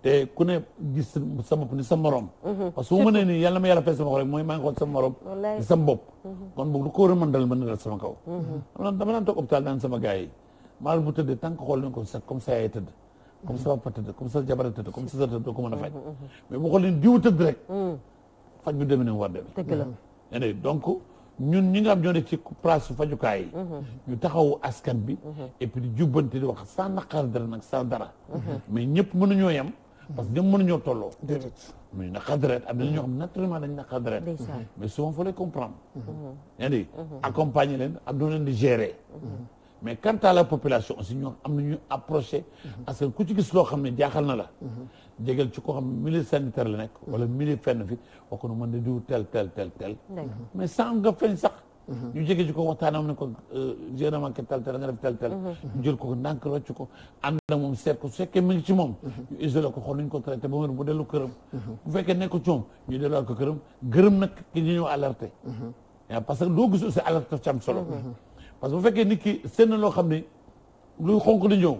te ku ne gis sa bopp ni sa morom. parce que bu ma nee nii yàlla ma yàlla fay sama xol rek mooy maa ngi xool sama morom. di sama bopp. kon boog lu ko war a mën dal mën na dal sama kaw. dama naan toog hôpital daan sama gars yi maanaam bu tëddee tànk xool nañ ko sax comme comme sama papa tëdd comme sa jabar tëdd comme sa sœur tëdd doo ko mën a faj mm-hmm, mm-hmm. mais boo xoolee diw tëdd rek mm. faj bi demee ne mu war demee dëgg la mm-hmm. ene donc ñun ñi nga xam ñoo nekk ci place fajukaay yi ñu taxawu askan bi et puis di jubbante di wax sans naqar dara nag sans dara mais ñëpp mënuñoo yem parce que ñëpp mënuñoo tolloo mais naqar deret am na xam naturellement dañ naqar deret mais souvent faut les comprendre yaa ngi leen ak doo leen di gérer mais quant à la population aussi ñoom am na ñu approché. parce que ku ci gis loo xam ne jaaxal na la. jégal ci koo xam ne milieu sanitaire la nekk. wala milieu fenn fi wax ko nu mën na diw tel tel tel mais sans nga feeñ sax. Mhm. ñu jege ci ko waxtaanam ne ko euh, gérement ke tel tel nga def tel mhm. ko ndànk rocc ko ànd ak moom seet ko su fekkee mu ci moom. Mhm. ñu isolé ko xool nu ñu ko traité ba mu bu dellu këram. bu fekkee nekk ci moom ñu delluwaat ko këram gërëm nag ki ñu alerte alerté. parce que doo gis aussi alerte ci solo. parce que bu fekkee nit ki seen na loo xam ne lu xonk di ñëw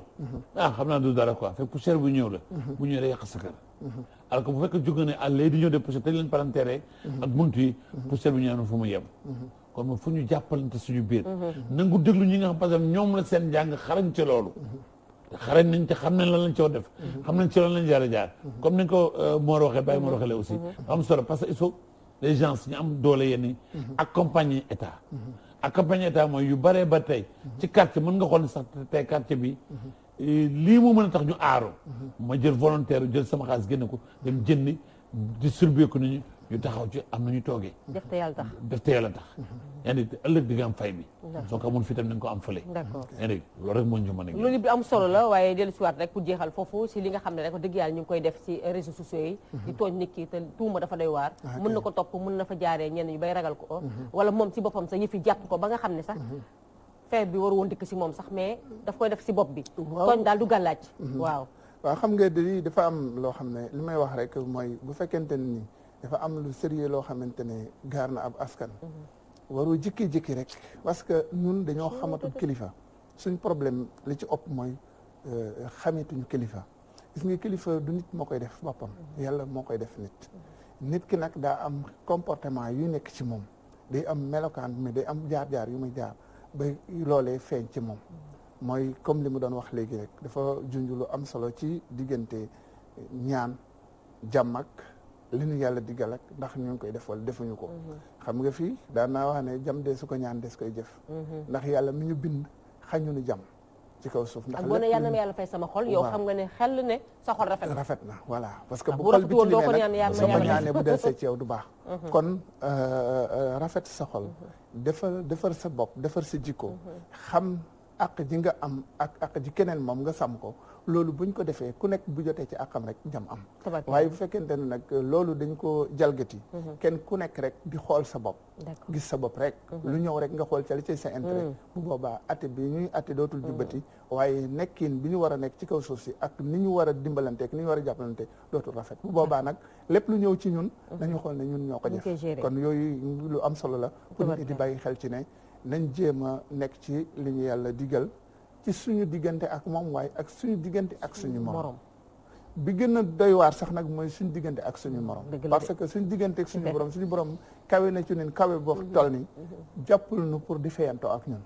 ah xam naa du dara quoi fekk poussière bu ñëw la bu ñëwee day yàq sa kër alors que bu fekkee jóg nga ne ah léegi di de poussière te leen palanteere ak muntu yi poussière bu ñëw na fu mu yem kon fu ñu jàppalante suñu biir nangu déglu ñi nga xam parce que ñoom la seen njàng xarañ ci loolu xarañ nañ te xam nañ lan lañ coo def xam nañ ci loolu lañ jaar a jaar comme nañ ko euh, Mor waxee Baye Mor aussi mhm. am solo parce que il faut les gens ñu am doole yenn mhm. accompagner état aka état mooy yu baree ba tey ci quartier mën nga xool ne sax tey quartier bi lii moo mën a tax ñu aaru ma jël volontaire jël sama xaalis génne ko dem jëndi distribuer ko nit ñi ñu taxaw ci am na ñu toogee. def te yàlla tax def te yàlla tax. yaa ngi ëllëg di nga am fay bi. soo ko amul fii tam na nga ko am fële. d'accord yaa rek a. am ne rek dëgg yàlla ñu ngi koy def si mhm. ah, na ko topp mën na fa jaaree ñenn ñu bay ragal ko. Mhm. wala moom si boppam sax ñu fi jàpp ko ba nga xam ne sax. Mhm. feeb bi war woon dëkk si moom sax mais daf koy def si bopp bi. tooñ daal du gàllaaj waaw waaw xam nga dafa am loo xam ne li may wax rek mooy bu fekkente ni dafa am lu sérieux loo xamante ne gaar na ab askan. Mhm. waru jékki-jékki rek parce que ñun dañoo xamatul kilifa suñ problème li ci ëpp mooy euh, xametuñu kilifa gis nga kilifa du nit moo koy def boppam. Mhm. yàlla moo koy def nit. Mhm. nit ki nag daa am comportement yu nekk ci moom day am melokaan mais day am jaar-jaar yu muy jaar ba loolee feeñ ci moom mooy comme li mu doon wax léegi rek dafa junj lu am solo ci diggante ñaan jàmm li nu yàlla digal ak ndax ñu ngi koy def defuñu ko. Mhm. xam nga fii daan naa wax ne jam de su ko ñaan des koy jëf. Mhm. ndax yàlla mu ñu bind xañu nu jam. ci kaw suuf ndax lépp yàlla na yàlla fay sama xol yow xam nga ne xel ne sa xol rafet na rafet na voilà parce que bu xol bi tilimee nag soo ko ñaanee bu del see ci yow du baax mhm. kon euh, euh, rafet sa xol defar sa bopp defar sa jikko xam ak ji nga am ak ak ji keneen moom nga sam ko loolu buñ ko defee ku nekk bu jotee ci am rek jam am waaye bu fekkente ne nag euh, loolu dañ ko jalgati mm-hmm. kenn ku nekk rek di xool sa bopp gis sa bopp rek mm-hmm. lu ñëw rek nga xool ca ci sa intérêt mm-hmm. bu boobaa ate bi ñuy ate dootul jubbati waaye nekkin bi ñu war a nekk ci kaw suuf si ak ni ñu war a dimbalante ak ni ñu war a jàppalante dootul rafet bu boobaa nag lépp lu ñëw ci ñun dañu xool na ñun ñoo ko def kon yooyu lu am solo la pour nit di bàyyi xel ci ne nañ jéem a nekk ci li ñu yàlla digal ci suñu diggante ak moom waaye ak suñu diggante ak suñu morom bi gën a doy sax nag mooy suñu diggante ak suñu morom parce que suñu diggante suñu borom suñu borom kawe na ci ñun kawe boo mhm. toll ni mhm. jàppul nu pour di fayantoo ak ñun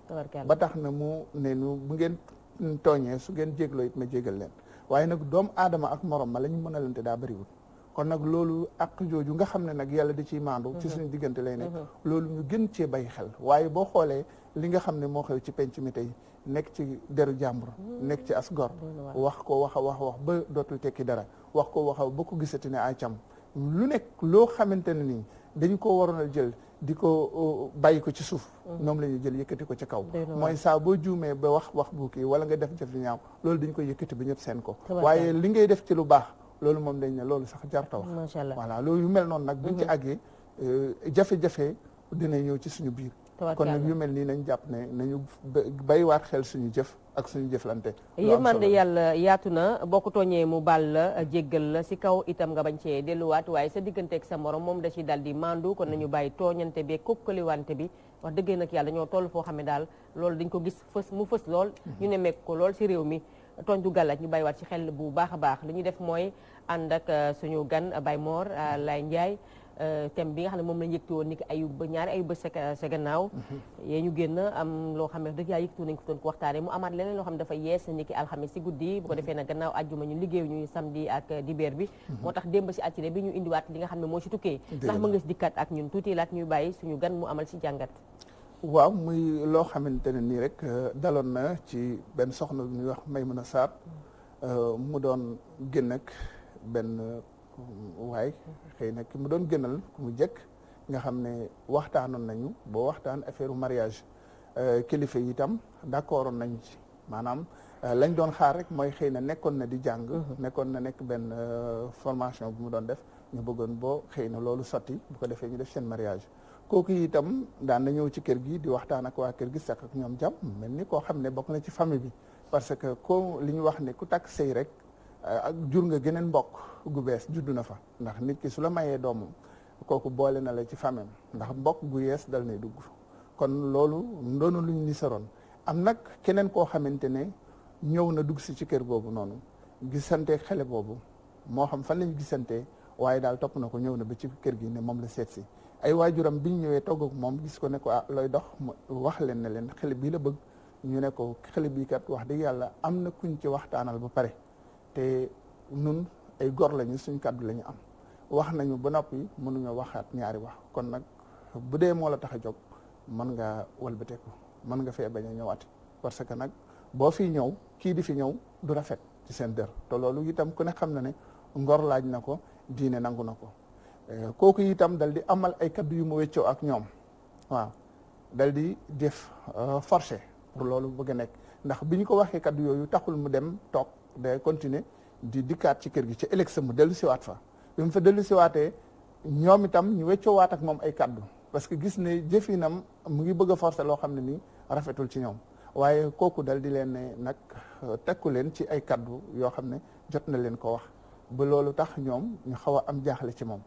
ba tax na mu ne nu bu ngeen tooñee su ngeen jégloo it ma jégal leen waaye nag doomu aadama ak moroom ma la ñu mën a lante daa bëriwul kon nag loolu ak jooju nga xam ne nag yàlla di ciy maandu ci mhm. suñu diggante lay nekk loolu ñu gën cee bay xel waaye boo xoolee li nga xam ne moo xew ci penc mi tey nekk ci deru jàmbur nekk ci as gor wax ko wax a wax wax ba dootul tekki dara wax ko wax a ba ko gisati ne ay cam lu nekk loo xamante ne nii dañ ko waroon a jël di ko uh, bàyyi ko ci suuf mm. ñoom la ñuy jël yëkkati ko ci kaw mooy saa boo juumee ba wax wax bu ki wala nga def jëf li ñaaw loolu dañ ko yëkkati ba ñëpp seen ko waaye li ngay def ci lu baax loolu moom dañ ne loolu sax jarta wax voilà loolu yu mel noon nag buñ ci mm-hmm. àggee uh, jafe-jafe dina ñëw ci suñu biir kon nag yu mel nii nañ jàpp ne nañu bàyyiwaat xel suñu jëf ak suñu jëflante. yërmande yàlla yaatu na boo ko tooñee mu bal la jéggal la si kaw itam nga bañ cee delluwaat waaye sa digganteeg sa moroom moom da ciy dal di mandu kon nañu mm. bàyyi tooñante bee kokkaliwante bi wax dëggee nag yàlla ñoo toll foo xam ne daal loolu dañ ko gis fës mu fës lool. Mm-hmm. ñu ne mekk ko lool si réew mi. tooñ du gàllaaj ñu waat ci xel bu baax a baax li ñu def mooy ànd ak uh, suñu gan Baye Mor uh, lay Ndiaye Euh, thème bi nga xam ne moom la ñu yëgti woon ni ki ayu ñaari ayu bés sa gannaaw mhm. yee ñu génn am loo xam ne dëgg yaa yëgti nañ ko doon ko waxtaane mu amaat leneen loo xam ne dafa yees ni ki alxames si guddi bu ko defee nag gannaaw àjjuma ñu liggéey ñu samedi ak dibeer bi mhm. moo tax démb si altine bi ñu indiwaat li nga xam ne moo si tukkee ndax mën nga si dikkat ak ñun tuuti laat ñuy bàyyi suñu gan mu amal si jàngat waaw muy loo xamante ne nii rek euh, daloon na ci benn soxna bu ñuy wax may Maymuna Sarr euh, mu doon génn ak benn waaye xëy na ki mu doon gënal ku mu jëkk nga xam ne waxtaanoon nañu boo waxtaan affaire mariage euh, kilifa yi itam on nañ ci maanaam euh, lañ doon xaar rek mooy xëy na nekkoon na di jàng mhm. nekkoon na nekk benn euh, formation bu mu doon def ñu bëggoon boo xëy na loolu sotti bu ko defee ñu def seen mariage kooku itam daan na ñëw ci kër gi di waxtaan ak waa kër gi sax ak ñoom jàmm mel ni koo xam ne bokk na ci famille bi parce que ko li ñu wax ne ku takk sëy rek Eh, ak jur nga geneen mbokk gu bees juddu na fa ndax nit ki su la mayee doomam kooku boole na la ci famem ndax mbokk gu yees dal nay dugg kon loolu ndoonu lu ñu ni saroon am nag keneen koo xamante ne ñëw na dugg si ci kër boobu noonu gisante xale boobu moo xam fan lañ gisante waaye daal topp na ko ñëw na ba ci kër gi ne moom la seet si ay waajuram bi ñu ñëwee togg moom gis ko ne ko ah looy dox wax leen ne leen xale bii la bëgg ñu ne ko xale bii kat wax dëgg yàlla am na kuñ ci waxtaanal ba pare te nun ay gor lañu suñ kàddu lañu am wax nañu ba noppi mënuñoo waxaat ñaari wax kon nag bu dee moo la tax a jóg mën nga walbateeku mën nga fee bañ a ñëwaat parce que nag boo fi ñëw kii di fi ñëw du rafet ci seen dër te loolu itam ku ne xam na ne ngor laaj na ko diine nangu na ko eh, kooku itam dal di amal ay kaddu yu mu ak ñoom waaw dal di def euh, forcé pour loolu bëgg a nekk ndax bi ñu ko waxee kaddu yooyu taxul mu dem toog day continuer di dikkaat ci kër gi ci élection mu dellu siwaat fa bi mu fa dellu siwaatee ñoom itam ñu weccoowaat ak moom ay kaddu parce que gis ne jëfinam mu ngi bëgg a loo xam ne nii rafetul ci ñoom waaye kooku dal di leen ne nag euh, tekku leen ci ay kaddu yoo xam ne jot na leen ko wax ba loolu tax ñoom ñu xaw a am jaaxle ci moom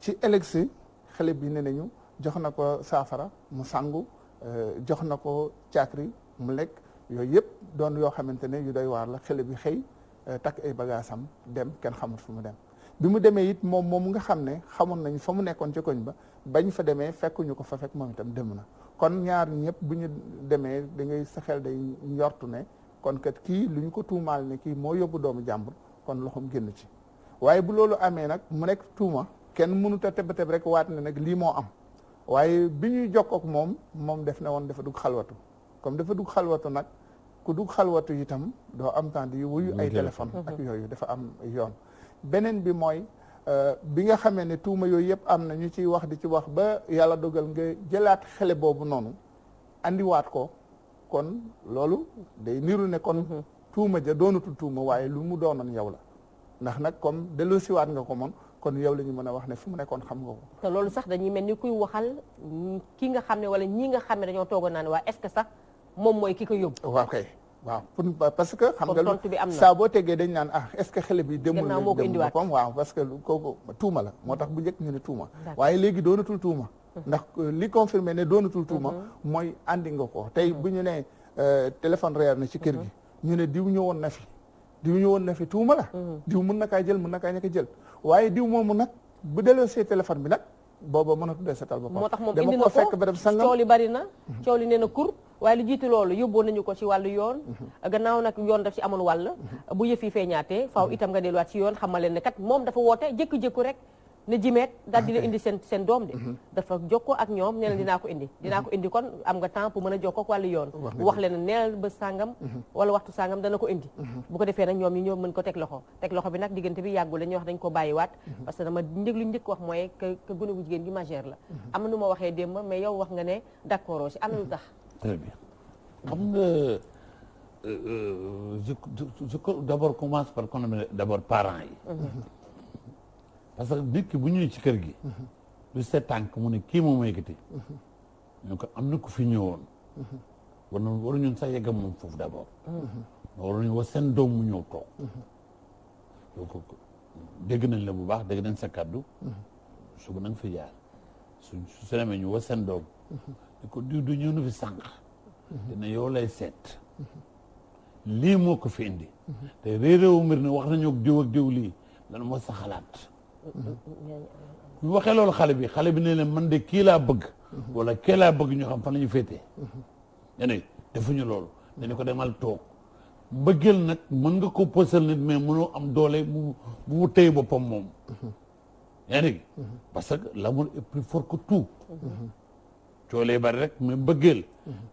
ci si xale bii ne nañu jox na ko saafara mu sangu euh, jox na ko caakri mu lekk yooyu yëpp doon yoo xamante ne yu day waar la xale bi xëy euh, takk ay bagaasam dem kenn xamul fu mu dem bi mu demee it moom moom nga xam ne xamoon nañ fa mu nekkoon ci koñ ba bañ fa demee fekkuñu ko fa fekk moom itam dem na kon ñaar ñëpp bu ñu demee da ngay sa day njortu ne kon kat kii lu ñu ko tuumaal ne kii moo yóbbu doomu jàmbur kon loxoom génn ci waaye bu loolu amee nag mu nekk tuuma kenn mënut a teb teb rek waat ne nag lii moo am waaye bi ñuy jokk moom moom def na woon dafa dugg comme dafa dugg xalwatu nag ku dugg xalwatu itam doo am temps di wuyu ay téléphone ak mhm. yooyu dafa am yoon beneen bi mooy euh, bi nga xamee ne tuuma yooyu yëpp am na ñu ciy wax di ci wax ba yàlla dogal nga jëlaat xele boobu noonu andiwaat ko kon loolu day niru ne kon mhm. tuuma ja doonatul tuuma waaye lu mu doonoon yow la ndax nag si waat nga ko moon kon yow la ñu mën a wax ne fu mu nekkoon xam nga ko. te loolu sax dañuy mel ni kuy waxal ki nga xam ne wala nga xam ne dañoo toogoon naa ne waa moom mooy ki ko yóbbu. waaw kay waaw pour parce que. xam nga tontu bi am saa boo tegee dañ naan ah est ce que xale bi. demul dem boppam waaw parce que kooku tuuma la moo tax bu njëkk ñu ne tuuma. waaye léegi doonatul tuuma. Hmm. ndax euh, li confirmé ne doonatul tuuma. Hmm. mooy andi nga ko tey bu ñu nee euh, téléphone réer na ci kër gi. Hmm. ñu ne diw woon na fi. diw ñëwoon na fi tuuma la. diw mun na kaa jël mun na kaa ñàkk jël waaye diw moomu nag bu delloo see téléphone bi nag. booba mënatu dee setal boppam moo tax moom indi na ko fekk barab sangam coow bari na li nee na kur waaye lu jiitu loolu yóbboon nañu ko ci wàll yoon mhm. gannaaw nag yoon daf ci amoon wàll mhm. bu yëf yi feeñaatee faaw mhm. itam nga delluwaat ci yoon xamal leen ne kat moom dafa woote jékku-jékku rek ne jimeet daal dina ah, indi seen seen doom de mhm. dafa jokkoo ak ñoom nee na dinaa ko indi dinaa ko mhm. indi kon am nga temp pour mën a ko ak wàllu yoon wax leen neel ba sàngam mhm. wala waxtu sàngam dana ko indi bu ko defee nag ñoom ñi ñoo mën ko teg loxo teg loxo bi nag diggante bi yàggul la ñuy wax dañ ko bàyyiwaat parce que dama njëglu njëkk wax mooy que gune gu jigéen gi majeur la am na nu ma waxee dema mais yow wax nga ne d'accord si am na lu tax très bien xam nga euh, euh, je d'abord commence par kon yi parce que nit ki bu ñuy ci kër gi. du seet tànk mu ne kii moom mooy yëkkati. ñu ko am na ku fi ñëwoon. war foofu d' abord. waru ñu wax seen doom mu ñëw toog. donc dégg nañ la bu baax dëgg nañ sa kàddu. suba na nga fi jaar su su ñu wax doom. ne ko diw du ñëw na fi sànq. dina yow lay seet. lii moo ko fi indi. te réeréewu mbir ne wax nañu ak diw ak diw lii lan moo sa xalaat. bu waxee loolu xale bi xale bi ne leen man de kii laa bëgg wala kii laa bëgg ñoo xam fan la ñu féetee ñene defuñu loolu dañu ko demal toog bëggeel nag mën nga ko posal nit mais mënoo am doole bu mu téye boppam moom yaa parce que l'amour est plus fort que tout coolee bari rek mais bëggeel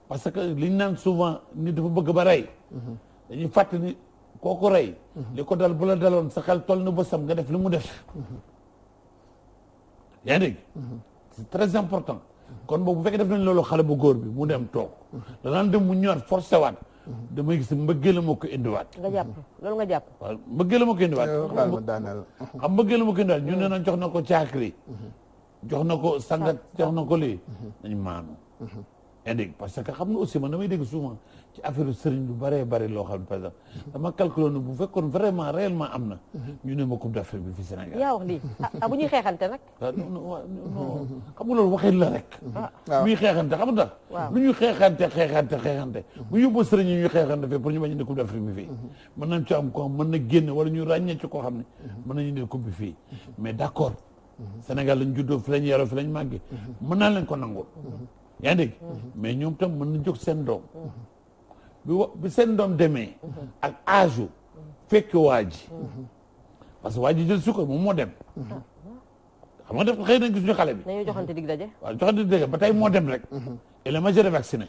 parce que liñ naan souvent nit dafa bëgg ba rey dañuy fàtte ni kooku rey li ko dal bu la daloon sa xel toll na sam nga def li mu def yaa ngi important kon boobu bu fekkee def nañ loolu xale bu góor bi mu dem toog naan dem mu ñëwaat forcé waat damay gis mbëggee la ma ko indiwaat nga jàpp loolu nga jàpp waaw mbëggee la ma ko indiwaat xam mbëggee la ma ko indiwaat ñu ne nañ jox na ko caakri jox na ko sangat jox na ko lii nañ maanu yaa dégg parce que xam nga aussi na may dégg souvent ci affaire sëriñ lu bëree bëri loo xam ne par exemple bu fekkoon vraiment réellement am na. ñu ne ma coupe d'Afrique bi fi Sénégal. yaa wax lii ah, ah bu ñuy xeexante ah, la rek. waaw ah. bu ñuy xeexante xam nga. waaw lu ñuy xeexante xeexante xeexante. bu yóbboo sëriñ yi ñuy xeexante fii pour ñu bañ a indi coupe bi fii. Mm-hmm. mën nañ ci am koo xam mën na génn wala ñu ràññee ci koo xam ne. mën nañu indi coupe bi fii mm-hmm. mais d'accord. Mm-hmm. Sénégal lañ juddoo fi lañ yaroo fi lañ màggee. mën naa leen ko nangul. yaa ngi mais ñoom tam mën na jóg seen doom bi bi seen doom demee. ak âge fekk waa ji. parce que waa ji jël sukkar moom moo dem. xam nga def xëy na gisuñu xale bi. nañu joxante dig daje. waaw joxante dig ba tey moo dem rek. et ma majeur est vacciné.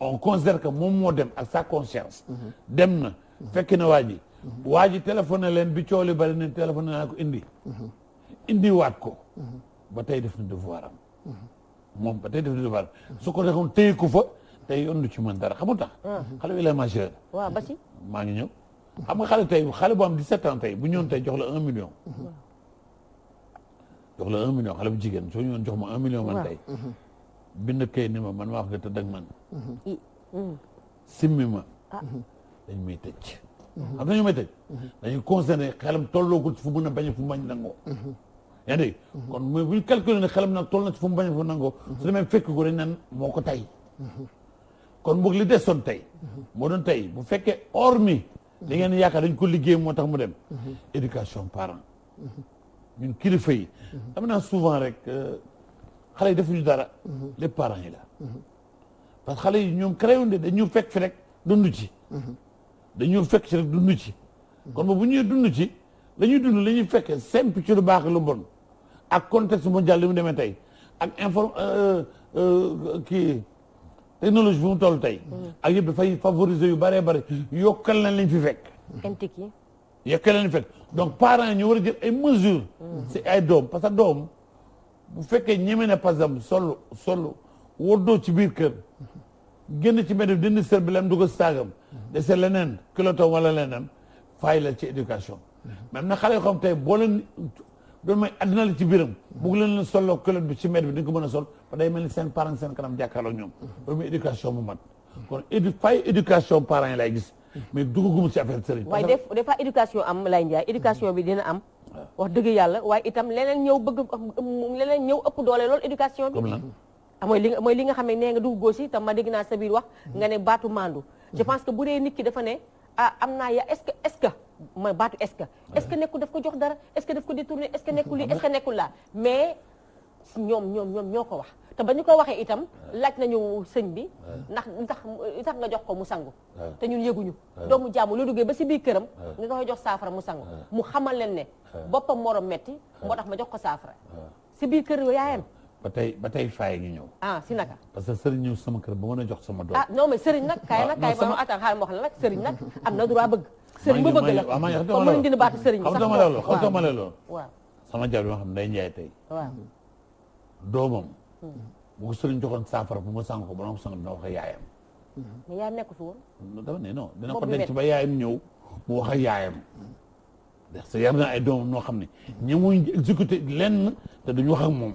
on considère moom moo dem ak sa conscience. dem na fekk na waaj ji. waa ji téléphoné leen bi coow li bari na téléphoné naa ko indi. indi waat ko. ba tey def na devoir am. moom ba tey def na devoir am su ko defoon téye ko fa. te yoon du ci man dara xamul tax. Ah. xale bi il est majeur. waaw ba ci. maa ngi ñëw xam nga xale tey xale bu am 17 ans bu ñëwoon tey jox la 1 million. jox la 1 million xale bu jigéen soo ñëwoon jox ma 1 million. man tey mhm. bind kay ni man maa wax nga mhm. mm. ma. Ah. Mhm. dañ may tëj. xam nañu may tëj. dañuy concerné xelam tolloogul fu mun a bañ fu mañ nangoo. yaa ngi dégg kon mooy bu ñu calculé ne xelam nag toll na fu mu bañ fu nangoo. su demee fekk ko dañ naan moo ko tay kon boog li desoon tey moo doon tey bu fekkee or mi da ngeen yaakaar dañ ko liggéey moo tax mu dem éducation parent ñun kilifa yi am naa souvent rek euh, xale yi defuñu dara les parents yi la parce que xale yi ñoom créewunde dañu fekk fi rek dund ci dañu fekk ci rek dund ci kon bu ñuy dund ci lañuy dund la ñuy fekkee simple lu baax lu bon ak contexte mondial li mu demee tey ak inform euh, euh, kii technologie bi mu toll tey. ak yëpp dafay favoriser yu bëree bëri yokkal nañ lañ fi fekk. kentik yi. yokkal nañ fekk donc parents yi ñu war a jël ay mesures. si ay doom parce que doom bu fekkee ñeme na par exemple sol sol woddoo ci biir kër. génn ci mbedd dindi sër bi lem du ko saagam. dese leneen kiloton wala leneen fay la ci éducation. mais am na xale yoo xam tey boo leen doon may àddina la ci biiram. bugg leen leen soloo kilot bi ci mbedd bi di nga ko mën a sol. day mel ni seen parents seen kanam jàkkaarloo ñoom. ba muy éducation mu mat. kon édu fay éducation parents yi lay gis. mais dugagum ci affaire sëriñ. waaye des fois dëgg yàlla waaye itam leneen ñëw bëgg leneen ñëw ëpp doole loolu éducation bi. comme lan ah, mooy li li nga xam ne nee nga dugg góosi ma dégg naa sa biir wax. nga ne baatu maandu. je pense que bu dee nit ki dafa ne ah am naa ya est-ce que est-ce que ma baatu est-ce que. nekkul daf ko jox dara est-ce ko détourné est nekkul laa ñoom ñoom ñoom ñoo ko wax te ba ñu ko waxee itam laaj ñu sëñ bi ndax ndax tax nga jox ko mu sangu te ñun yëguñu doomu jàmm lu duggee ba si biir këram nga koy jox saafara mu sangu mu xamal leen ne boppam morom metti moo tax ma jox ko saafara si biir kër yaayam ba tey ba tey faay ngi ñëw ah, si naka parce que sëriñ ñëw sama kër ba mën a jox sama doom ah non sëriñ nag kaay ah, nag kaay ba attan xaaral ma wax la am na droit bëgg [laughs] sëriñ bu bëgg la mën dina baatu sëriñ bi sax xam dama la loolu xam dama la sama jabar ma xam day njaay tey doomam. bu ko sëriñ joxoon saafara bu ma sànq ko ba ma sànq dina nekk fi woon. dama ne non dina ko ba yaayam mu wax ak yaayam. ndax sa yar na ay doomam noo xam ne ñemuñ exécuté lenn te wax ak moom.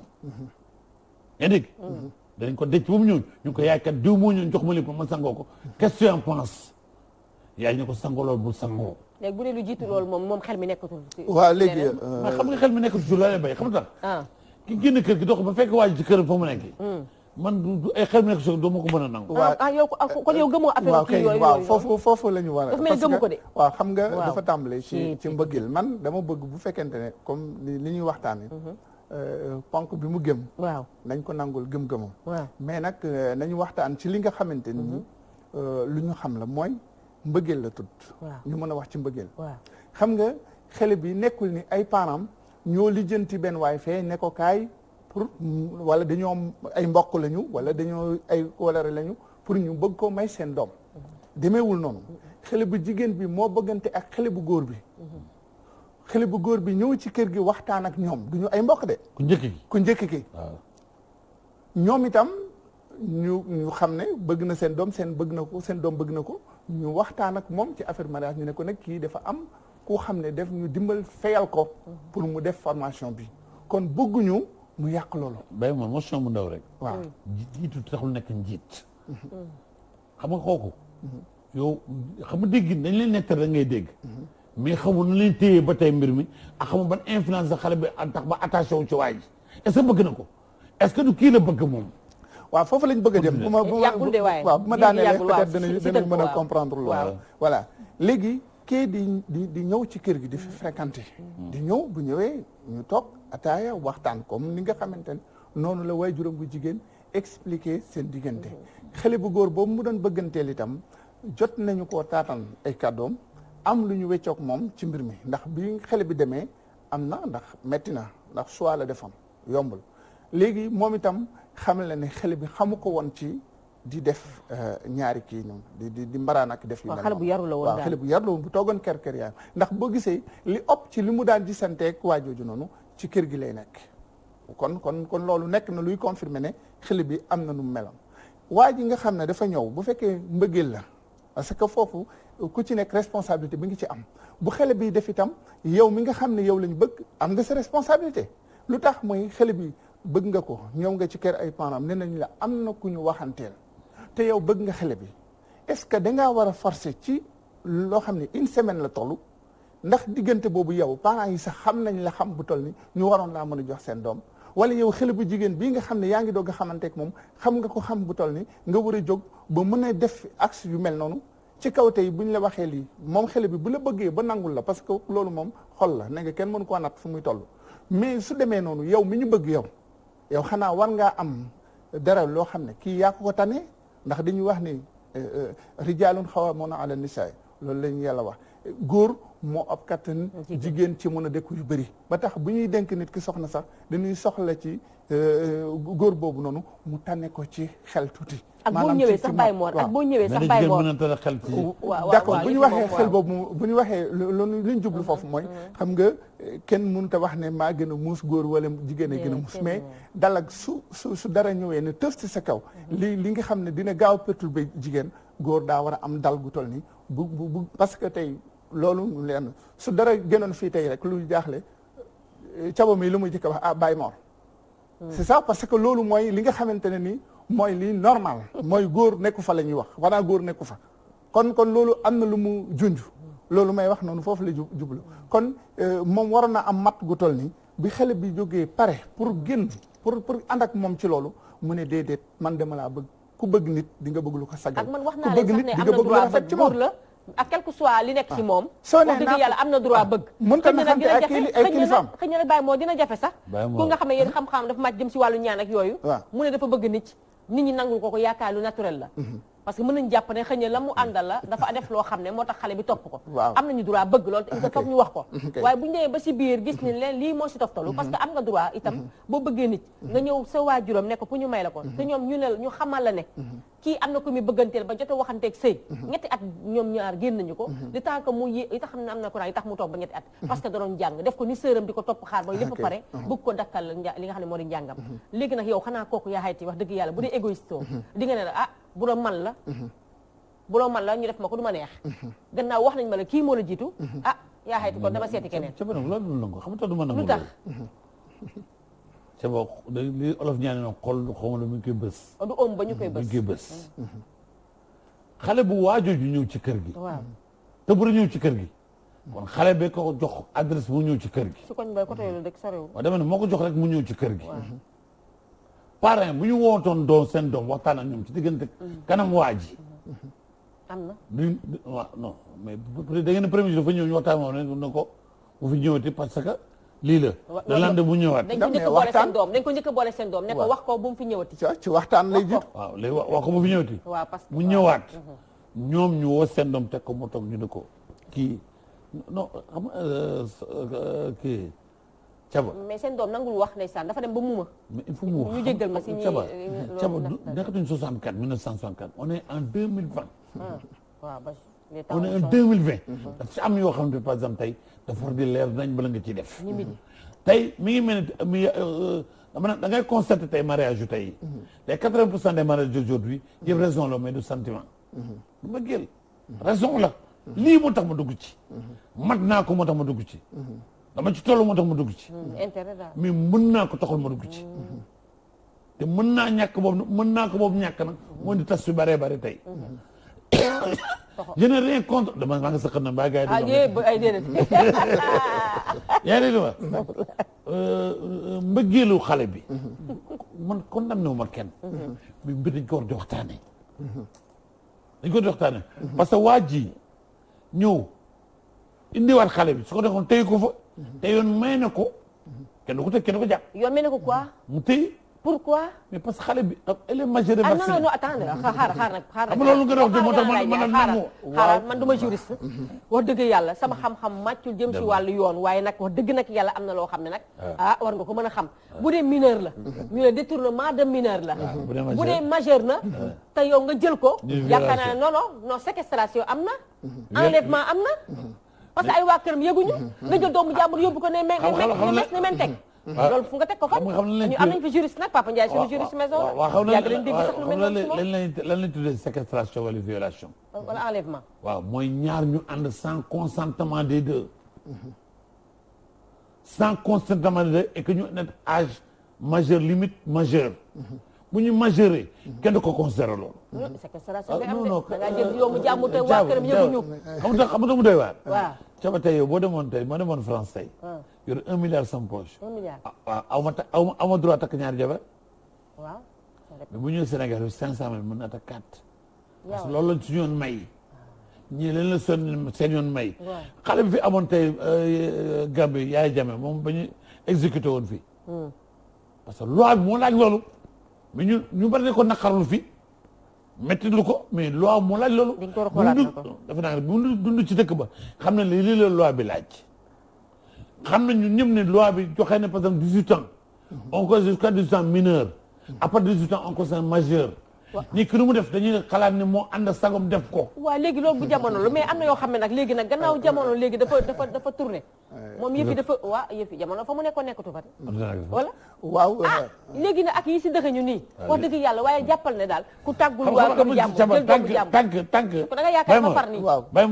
yaa dégg. danañ ko ba mu ñëw ñu ko yaay kat diw moo ñëw jox ma lépp ma sangoo ko qu'est-ce que tu yaay ñu ko sangoo lool bu sangoo. bu dee loolu moom moom xel mi nekk waaw léegi. Euh, mais xam nga xel mi nekkatul la xam nga. ki génn kër gi dox ba fekk waa ji ci mu nekk. Hmm. man du ay xel doo ma ko mën a nangu. ah, ah yow ah, kon yow gëmoo la ñu war a. daf mel gëmu ko de waaw xam nga dafa tàmbale hmm. ci mbëggeel man dama bëgg bu fekkente ne comme li ñuy waxtaanee. Hmm. Euh, ponk bi mu gëm. nañ ko nangul gëm mais nag euh, nañu waxtaan ci li nga xamante ni. Euh, lu ñu xam la mooy mbëggeel la tudd. ñu mën a wax ci mbëggeel. xam nga xale bi nekkul ni ay parents. ñoo lijjanti benn waay fee ne ko kaay pour wala dañoo ay mboq lañu wala dañoo ay kolere lañu pour ñu bëgg ko may seen doom demeewul noonu xele bu jigéen bi moo bëggante ak xele bu góor bi xele bu góor bi ñëw ci kër gi waxtaan ak ñoom du ñu ay mboq de ku njëkk ki njëkk ki ñoom itam ñu ñu xam ne bëgg na seen doom seen bëgg na ko seen doom bëgg na ko ñu waxtaan ak moom ci affaire mariage ñu ne ko nag kii dafa am ku xam ne def ñu dimbal fayal ko. pour mu def formation bi kon bëgguñu mu yàq loolu. bay moo motion bu ndaw rek. waaw jiitu taxul nekk njiit. xam nga kooku. yow xam nga dégg dañ leen nettal rek ngay dégg. mais xamul nu leen téye ba tey mbir mi ak xamul ban influence la xale bi tax ba attaché ci waa ji est-ce que bëgg na ko est-ce que du kii la bëgg moom. waaw foofu lañ bëgg a dem. bu ma bu ma waaw bu ma daanelee peut léegi. kii di di di ñëw ci kër gi di fi fréquenté. Hmm. di ñëw bu ñëwee ñu toog ataaya waxtaan comme ni nga xamante ne noonu la way juróom bu jigéen expliquer seen diggante. Hmm. xale bu góor boobu mu doon bëgganteel itam jot nañu ko taataan ay kàddoom am lu ñu weccoog moom ci mbir mi ndax bi xale bi demee am na ndax metti na ndax choix la defam yombul léegi moom itam xam la ne xale bi xamu ko woon ci. di def euh, ñaari kii ñoom di di di mbaraan ak def. yu mel noonu xale bu yarul la woon daal bu yarul la woon toogoon kër kër yaayam ndax boo gisee li ëpp ci li mu daan gisanteeg waa jooju noonu ci kër gi lay nekk. kon kon kon loolu nekk na luy confirmer ne xele bi am na nu mu meloon waa ji nga xam ne dafa ñëw bu fekkee mbëggeel la parce que foofu ku ci nekk responsabilité bi nga ci am bu xele bi def itam yow mi nga xam ne yow lañu bëgg am nga sa responsabilité lu tax mooy xele bi bëgg nga ko ñëw nga ci kër ay parents nee nañu la am na ku ñu waxanteel. te yow bëgg nga xale bi est-ce que dangaa war a forcé ci loo xam ne une semaine la toll ndax diggante boobu yow parents yi sax xam nañ la xam bu toll ni ñu waroon laa mën a jox seen doom wala yow xele bu jigéen bii nga xam ne yaa ngi doog a xamanteek moom xam nga ko xam bu toll ni nga war a jóg ba mën a def axe yu mel noonu ci kaw tey bu ñu la waxee lii moom xele bi bu la bëggee ba nangul la parce que loolu moom xol la ne nga kenn mënu koo nat fu muy toll mais su demee noonu yow mi ñu bëgg yow yow xanaa war ngaa am dara loo xam ne kii yaa ko ko tane ndax dañuy wax ni eh, eh, rijaalun xawaamuuna ala nisaa loolu la ñu yàlla wax góor moo ab kattan jigéen ci mën a dékku yu bari ba tax bu ñuy denk nit ki soxna sax dañuy soxla ci euh, euh, góor boobu noonu mu tànne ko ci xel tuuti ak boo ñëwee sax bàyyi moor ak boo ñëwee sax bàyyi moor bu ñu waxee boobu bu ñu waxee loolu li foofu mooy xam nga kenn mënut wax ne maa gën a góor wala jigéen a gën a muus mais dal ak su su su dara ñëwee ne tës ci sa kaw mm-hmm. li li nga xam ne dina gaaw perturbé jigéen góor daa war a am dal gu toll ni parce que tey loolu lenn su dara gënoon fii tey rek lu jaaxle caba eh, mi lu muy jëkk wax ah Baye Mor hmm. c'est ça parce que loolu mooy li nga xamante ne nii mooy lii normal mooy góor nekku fa la ñuy wax xanaa góor nekku fa kon kon loolu am na lu mu junj loolu may wax noonu foofu la jublu kon eh, moom waroon na am mat gu toll nii bi xale bi jógee pare pour génn pour pour ànd ak moom ci loolu mu ne déedéet man dama laa bëgg ku bëgg nit di nga bëgg lu ko sagal ku bëgg nit di nga bëgg lu rafet ci moom la ak quel que soit li nekk ci ah. moom. soo nee naa am na droit ah. bëgg. mën ko naxante ay kili ay na dina jafe sax. ku nga xam ne yéen xam-xam dafa màcc jëm ci wàllu ñaan ak yooyu. Ah. mu ne dafa bëgg nit nit ñi nangul ko ko yaakaar lu naturel la. Mhm. parce que mën nañu jàpp ne xëy na la mu àndal la dafa def loo xam ne moo tax xale bi topp ko. am nañu droit bëgg loolu te foog ñu wax ko. waaye bu ñu demee ba ci biir gis ni leen lii moo si ci toftalu. Mhm. parce que am nga droit itam mhm. boo bëggee nit. nga ñëw sa ko pour ñu may ñu ne ñu xamal la ne kii am na ku muy bëgganteel ba jote waxanteeg sëy ñetti at ñoom ñaar génn nañu ko li tax que mu yi tax xam ne am na courant yi tax mu toog ba ñetti at parce que da doon def ko ni sëram di ko topp xaar ba lépp pare bëgg ko dakkal li nga xam ne moo di njàngam léegi nag yow xanaa kooku yaa wax dëgg yàlla bu dee égoïste oo di ah bu man la man la ñu def ma ko du ma neex gannaaw wax nañ ma la kii moo la jiitu ah yaa xayti kon dama seeti keneen loolu du nangu ca boo li olof ñaane na xol du mu ngi koy bës. Oh, du ba ñu koy bës mu ngi koy bës. Mm-hmm. xale bu waajoo ju ñëw ci kër gi. waaw te bu ñëw ci kër gi. kon xale bee ko jox adresse mu ñëw ci kër gi. su ko ñu bay côté yooyu moo ko jox rek mu ñëw ci kër gi. parent bu ñu wootoon doon seen doom waxtaan ak ñoom ci diggante. Mm-hmm. kanam waa ji. Mm-hmm. am na. duñ waaw non mais da ngeen ne premier jour dafa ñëw ñu waxtaan moom ne ko bu fi ñëwati parce que. lii la le lendemain bu ñëwaat. dañ ko njëkk boole seen doom dañ ko njëkk a boole seen doom ne ko wax ko bu mu fi ñëwati. ci lay jiitu waaw léegi wax ko bu mu fi ñëwati. waaw parce que mu ñëwaat. Mhm. ñoom ñu woo seen doom teg ko mu ñu ne ko kii non xam nga euh, kii caba. mais seen doom nangul wax ndeysaan dafa dem ba muuma. mais il faut mu wax ñu jéggal ma si ñi caba caba nekkatuñ 64 1964 on est en 2020. Hmm. waaw waaw on est en 2020. daf si am yoo xam ne par exemple tey dafa war di leer nañ bala nga ciy def. Mhm. tey mi ngi mel ni dama euh, euh, ne da ngay constater tey mariage yu tey. Mhm. les quatre-vingts pour cent des mariages d'aujourd'hui yëpp mhm. raison la mais du sentiment. du mbëggeel raison la. lii moo tax ma dugg ci. mat naa ko moo tax ma dugg ci. dama ci toll moo tax ma dugg ci. intérêt daal mais mën naa ko taxul ma dugg ci. te mën naa ñàkk boobu mën naa ko boobu ñàkk nag. moo di tas su baree bare tey. je n'ai rien contre dama maa ngi na mbaa gars yi. Ah, ay déedéet. [laughs] yaa ngi dégg euh, mbëggeelu xale bi. man condamné wu ma kenn. mais mbir dañ ko war di ko war di waxtaanee. parce que waa ji ñëw indiwaat xale bi su ko defoon téye ko fa. te yoon may na ko. kenn du ko teg kenn du mu téye. pourquoi. mais parce que xale bi elle est majeure ah non man du ma juriste. Mm-hmm. wax dëgg yàlla sama xam-xam màccul jëm si wàllu yoon waaye nag wax dëgg nag yàlla am na loo xam ne nag. ah, ah war nga ko mën a xam. Ah. bu dee mineur la. Mm-hmm. ñu ne détournement mineur la. Ah, bu dee majeur na. te yow nga jël ko. yaakaar naa ne non non non am na. Mm-hmm. enlèvement am na. parce que ay waa këram yëguñu. nga jël doomu jàmbur yóbbu ko ne men Mm-hmm. Ah. loolu fu nga teg ko fa ñu am nañ fi juriste nag Papa Ndiaye suñu juriste maison waaw lan lañ tuddee séquestration wala violation. wala enlèvement. waaw mooy ñaar ñu ànd sans consentement des deux. Mm-hmm. sans consentement des deux et que ñu nekk âge majeur limite majeur. Mm-hmm. bu ñu majeure kenn du ko considéré loolu. séquestration day ah, am de da ngaa jël yow mu ñu. mu doy waar. waaw moo demoon France tey. Ah. yore un milliard sama poche. un milliard waaw ah, ah, droit takk ñaari jabar. mais bu ñëwee Sénégal bi cinq cent mille mën naa takk quatre. parce que loolu lañ suñu yoon may. ñii leen la seen seen yoon may. xale bi fi amoon tey euh, euh, Gambie yaay jame moom ba ñu exécuté woon fii. Hmm. parce que loi bi moo laaj loolu. mais ñu ñu bari ko naqarlu fi. métti lu ko mais loi moo laaj loolu. dafa naa dund ci dëkk ba xam ne lii la loi bi laaj. xam nañ ñu ñëpp ne loi bi joxe na par exemple dix huit ans. Mhm. on cause jusqu'à dix huit ans mineur. Mhm. après dix huit ans on cause majeur. ni ki nu mu def dañuy xalaat ne moo ànd sagom def ko. waaw léegi loolu bu jamono la mais am na yoo xam ne nag léegi nag gannaaw ah, jamono léegi dafa dafa dafa moom yëfi dafa waa yëfi jamono fa mu nekkoon nekkatu fa. wala waaw ah léegi nag ak yi si dëkk ñu nii. Ah, wax dëgg yàlla waaye jàppal ne daal ku tàggul waa comme jàmm jël doomu jàmm tànk tànk da nga yaakaar ma far nii waaw bay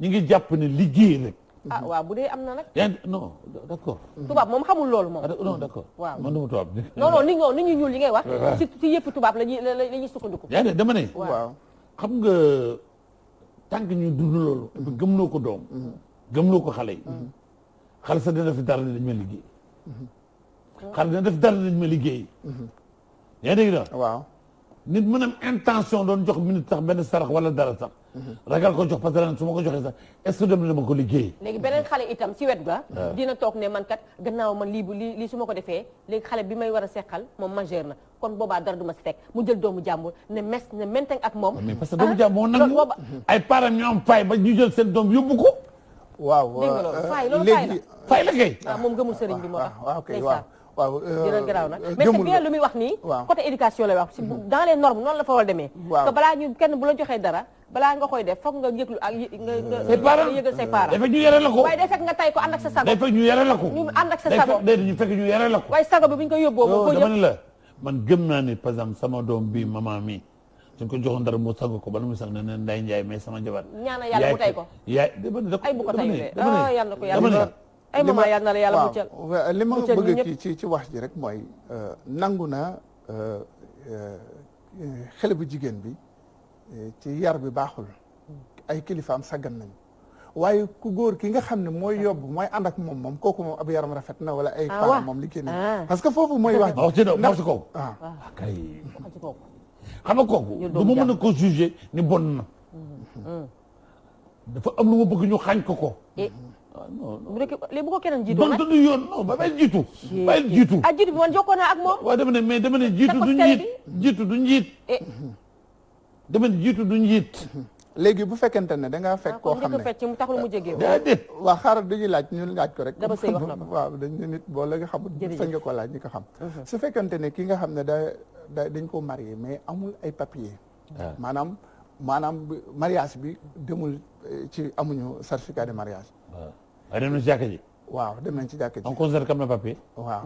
ñu ngi jàpp liggéey rek ah waaw bu dee am na nag. yaa non d' accord. tubaab moom xamul loolu moom. Ah, non d' accord waaw man dama tubaab. non non nit ñoo nit ñu ñuul li ngay wax. si si yëpp tubaab la ñuy la ñuy sukkandiku. yaa dama ne. waaw xam nga tànk ñu dund loolu. gëmloo ko doom. gëmloo ko xale yi. xale sax dina def dara dañ ma liggéey. xale dina def dara dañ ma liggéey. yaa dégg daal. waaw nit mën intention doon jox minute sax benn sarax wala dara sax. ragal ko jox parce que ren su ma ko joxee sax est dem na ma ko liggéey. léegi beneen xale itam si wet ga. dina toog ne man kat gannaaw man lii bu lii su ma ko defee léegi xale bi may war a seqal moom majeur na kon boobaa dara ma si mu jël doomu jàmbur ne mes ne menteng ak parce que doomu ah, jàmbur nangu ay parents ñu am seen doom yóbbu ko. waaw euh, fay loolu fay la fay la kay. waaw ah, moom gëmul sëriñ bi moo tax. waaw ah, kay waaw. waaw euh, dina nag mais c'est bien muy wax nii. côté éducation lay wax. dans les normes noonu la fa war waaw que balaa ñu kenn bu la joxee dara. balaa nga koy def foog nga yëglu ak nga nga yëgal say parents ko waaye day fekk nga tay ko ànd ak sa sago day fekk ñu yare la ko sa sago day fekk ñu yare la ko waaye sago bi bu ñu ko yóbboo ko dama naa ne par exemple sama doom bi maman mi suñ ko joxoon dara mu sago ko bala mu sax ne ne Nday mais sama jabar ñaana yàlla mu tay ko yaay ay bu ko tay ah, yàlla ko yàlla ay maman yàlla na la yàlla muccal li ma bëgg ci ci ci wax ji rek mooy euh, nangu na euh, euh, xale bu jigéen bi ci yar bi baaxul ay kilifaam saggan nañ waaye ku góor ki nga xam ne mooy yobb mooy ànd ak moom moom kooku moom ab yaram rafet na wala ay fara ah, moom li kenn ah. parce que foofu mooy wax ji wax ci ah. a ko juger ni bon na mm-hmm. mm. dafa am lu ma bëgg ñu xañ ko ko eh, ah non non léegi bu ko keneen jiitu nag du yoon non ba bay jiitu. bay jiitu ah jiitu du njiit eh. mm-hmm. dama ni jiitu duñ jiit. léegi bu fekkente ne da ngaa fekk. Ah, koo xam ne waaw mu tax lu mu jege. déedéet laaj ñu laaj ko rek. dama sëy na ko waaw dañu nit boo la nga xamul. sañ nga ko laaj ñi ko xam. Mhm. su fekkente ne ki nga xam ne da da dañ koo marié mais amul ay papier. Ah. maanaam maanaam mariage bi demul eh, ci amuñu certificat de mariage. waaw ah. waaw dem nañ ci jàkka ji. on considère comme le papier. waaw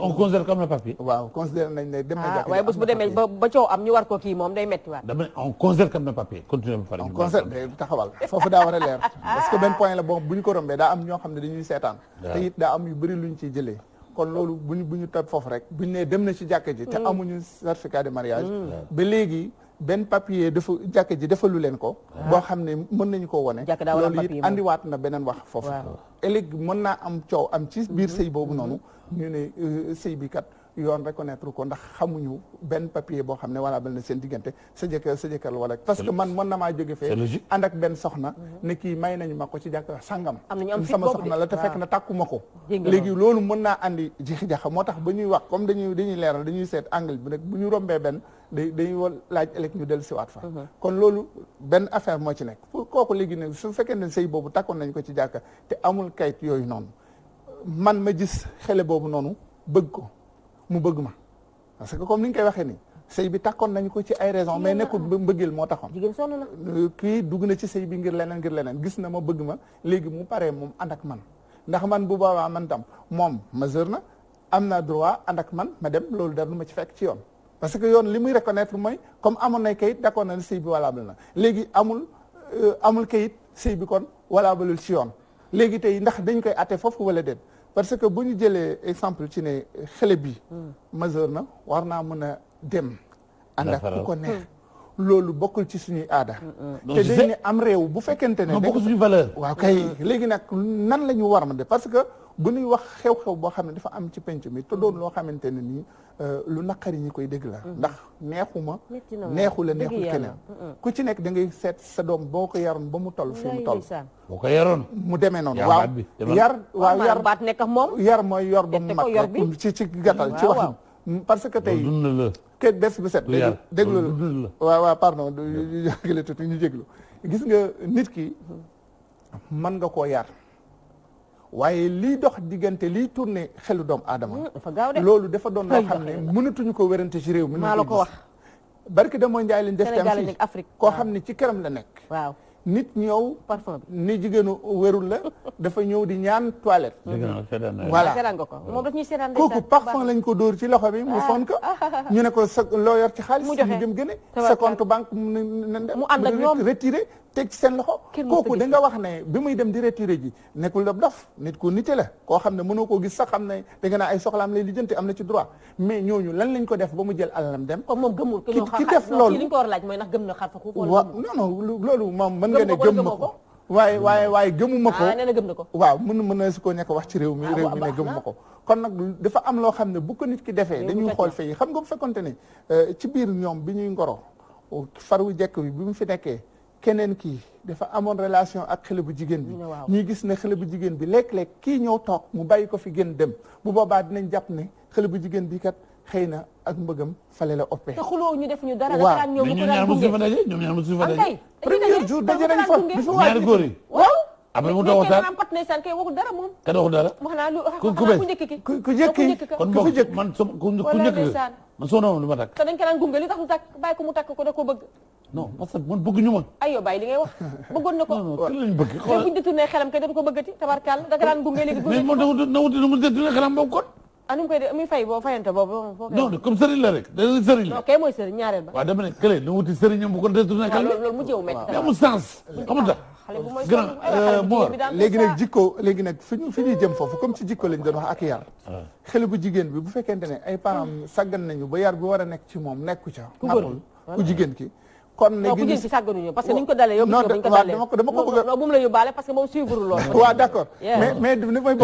on considère comme le papier. waaw considère nañ dem nañ ah, jàkka ji waaye bés demee ba ba am ñu war ko kii moom day métti waat. on considère comme le papier continuer ba pare. on considère day taxawal a leer parce que benn point la bon bu ñu ko rombee daa am ñoo xam ne dañuy seetaan. te it daa am yu bëri luñ ciy jëlee. kon loolu bu ñu bu ñu foofu rek bu ñu nee dem na ci jàkka ji. te mm. amuñu certificat de mariage. Mm. ba léegi benn papier dafa jàkka ji defalu leen ko. Ah. boo xam ne mën nañu ko wone loolu it andiwaat na beneen wax foofu. waaw léegi mën naa am coow am ci biir mm-hmm. sëy boobu mm-hmm. noonu. ñu ne euh, sëy bi kat. yoon reconnaître ko ndax xamuñu benn papier boo xam ne wala bel na seen diggante sa jëkkër sa jëkkër wala parce que man mën na maa jóge fee ànd benn soxna mhm. ne kii may nañu ma ko ci jàkk sàngam sama soxna la te fekk na tàkku ko léegi loolu mën naa andi jixi-jaxa moo tax ba ñuy wax comme dañuy dañuy leeral dañuy seet angle bi nag bu ñu rombee benn day dañuy laaj ëllëg ñu del siwaat fa mhm. kon loolu benn affaire moo ci nekk kooku léegi nag su fekkee ne sëy boobu takkoon nañ ko ci jàkka te amul kayit yooyu noonu man ma gis xele boobu noonu bëgg ko mu bëgg ma parce que comme ni nga koy waxee nii sëy bi takkoon nañu ko ci ay raison mais nekkul mbëggeel moo taxoon jigéen sonn na euh, kii dugg na ci sëy bi ngir leneen ngir leneen gis na ma bëgg ma léegi mu paree moom ànd ak man ndax man bu boobaa man tam moom ma mesure na am na droit ànd ak man ma dem loolu dara lu ma ci fekk ci yoon parce que yoon li muy reconnaître mooy comme amoon na kayit d'accord na ne sëy bi valable na léegi amul euh, amul kayit sëy bi kon valable ci yoon léegi tey ndax dañ koy atte foofu wala déet parce que bu ñu jëlee exemple ci ne xale bi hmm. majeur na war naa mën a dem ànd ko neex hmm. loolu bokkul ci suñuy aada. Mm, mm. te dañ ne am réew bu fekkente ne. bokkul suñu valeur. waaw kay mm, léegi nag nan la ñu war ma de parce que bu ñuy wax xew-xew boo xam ne dafa am ci penc mi te doon loo xamante ne nii euh, lu naqari ñi koy dégg la. ndax neexuma. neexu la neexul keneen. ku ci nekk da ngay seet sa doom boo ko yaroon ba mu toll fi mu toll. boo ko yaroon. mu demee noonu waaw yar. waaw yar baat nekk ak yar mooy yor ba mu mag rek ci ci gàttal ci wax parce que tey te des bi set. déglu déglu waaw waaw pardon ñu jàkkale tuuti ñu jéglu gis nga nit ki mën nga koo yar waaye li dox diggante liy tourné xelu doomu aadama. Hmm, dafa gaaw loolu dafa doon loo xam ne mënatuñu ko wérante ci réew mu maa la ko wax barki de mooy njaay lañ def. Sénégal koo xam ne ci këram la nekk. waaw nit ñëw parfum ni jigéenu wérul la dafa ñëw di ñaan toilette voilà kooku parfum lañ ko dóor ci loxo bi mu ah. fon ko [laughs] ñu ne ko sa loo yor ci xaalis mu dem gëne sa compte banque mu ànd ak ñoom retiré teg ci seen loxo kooku da nga wax ne bi muy dem di retiré ji nekkul daf dof nit ku nite la koo xam ne mënoo koo gis sax xam ne da nga naa ay soxlaam lay lijjanti am na ci droit mais ñooñu lan lañ ko def ba mu jël alalam dem kon oh, moom gëmul ki def loolu li ñu ko war a na xar fa xuuf waaw non non loolu moom mën nga ne ko waaye waaye hmm. waaye gëmuma ko ah, nee na gëm na ko waaw mën mën na si ko ñàkk wax ci réew mi ah, réew mi ne gëmuma ko kon nag dafa am loo xam ne bu ko nit ki defee dañuy xool fay xam nga bu fekkonte ne euh, ci biir ñoom bi ñuy ngoro oh, far wu jekk bi bi mu fi nekkee keneen kii dafa amoon relation ak xale bu jigéen bi ñii gis ne xale bu jigéen bi lekk léeg kii ñëw toog mu bàyyi ko fi gën dem bu boobaa dinañ jàpp ne xale bu jigéen bi kat xëy na ak mbëggam fale la oppee te ñu def daan gunge ñoom ñaar mosu fa daje ñoom ñaar mosu fa daje premier jour daje nañ fa bi fa ñaari góor yi waaw après mu doon waxtaan am pat ndeysaan kay waxul dara moom kan waxul ku njëkk ki ku njëkk ki man ku njëkk man soo noonu lu ma takk te dañ ko daan gunge li tax mu takk bàyyi ko mu takk ko da ko bëgg non parce que man bëgguñu ma. aywa bàyyi li ngay wax bëggoon na ko. non non lañ bëgg. xoolal buñ dëttunee xelam kay dañ ko bëggati tabarkaal da nga daan gunge léegi. gunge ko mais na wut na mu dëttunee xelam boobu kon. anu ah, mu koy muy fay boo fayante boobu. non comme sëriñ la rek da sëriñ la. non kay mooy sëriñ ñaareel ba. waaw dama ne kële na wuti sëriñam bu ko dëttunee ah, xelam. waaw loolu mu jëw métti. amul sens ah, xam nga. grand euh, Mor léegi nag jikko léegi nag fi ñu fi ñuy jëm foofu comme ci jikko lañ doon wax ak yar xale bu jigéen bi bu fekkente ne ay parents saggan nañu ba yar bi war a nekk ci moom nekku ca matul ku jigéen ki kon ne gi ñu sàgganuñu parce que niñ ko dalee yow non dama ko dama ko bëgg a bu mu la parce que moom suivre lool waaw d'accord mais mais ni may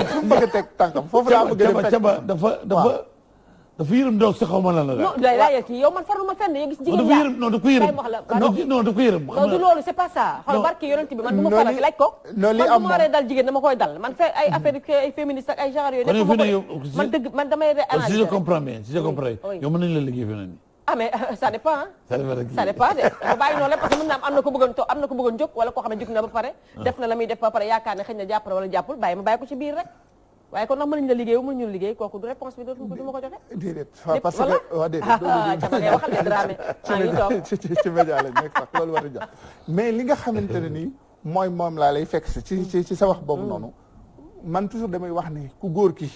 dafa dafa dafa yërëm doog lan la non lay kii yow man farlu ma fenn gis jigéen yaa non da ko yërëm non da ko yërëm non du loolu c'est pas ça man du ma faral laaj ko man bu ma koy dal man fay ay mm-hmm. affaire si je comprends si je comprends yow mën nañu la liggéey feneen ah mais euh, ça na ko bëggoon toog am na ko bëggoon jóg wala ah. wala jàppul bàyyi ma bàyyi ko ci biir rek waaye kon nag mënuñu la liggéey mënuñu la liggéey kooku du ko du ma ko joxe. déedéet waaw parce que ah, a [laughs] jàpp li nga xamante ne nii mooy moom laa lay fekk ci ci ci sa wax boobu hmm. noonu man toujours damay wax ne ku góor ki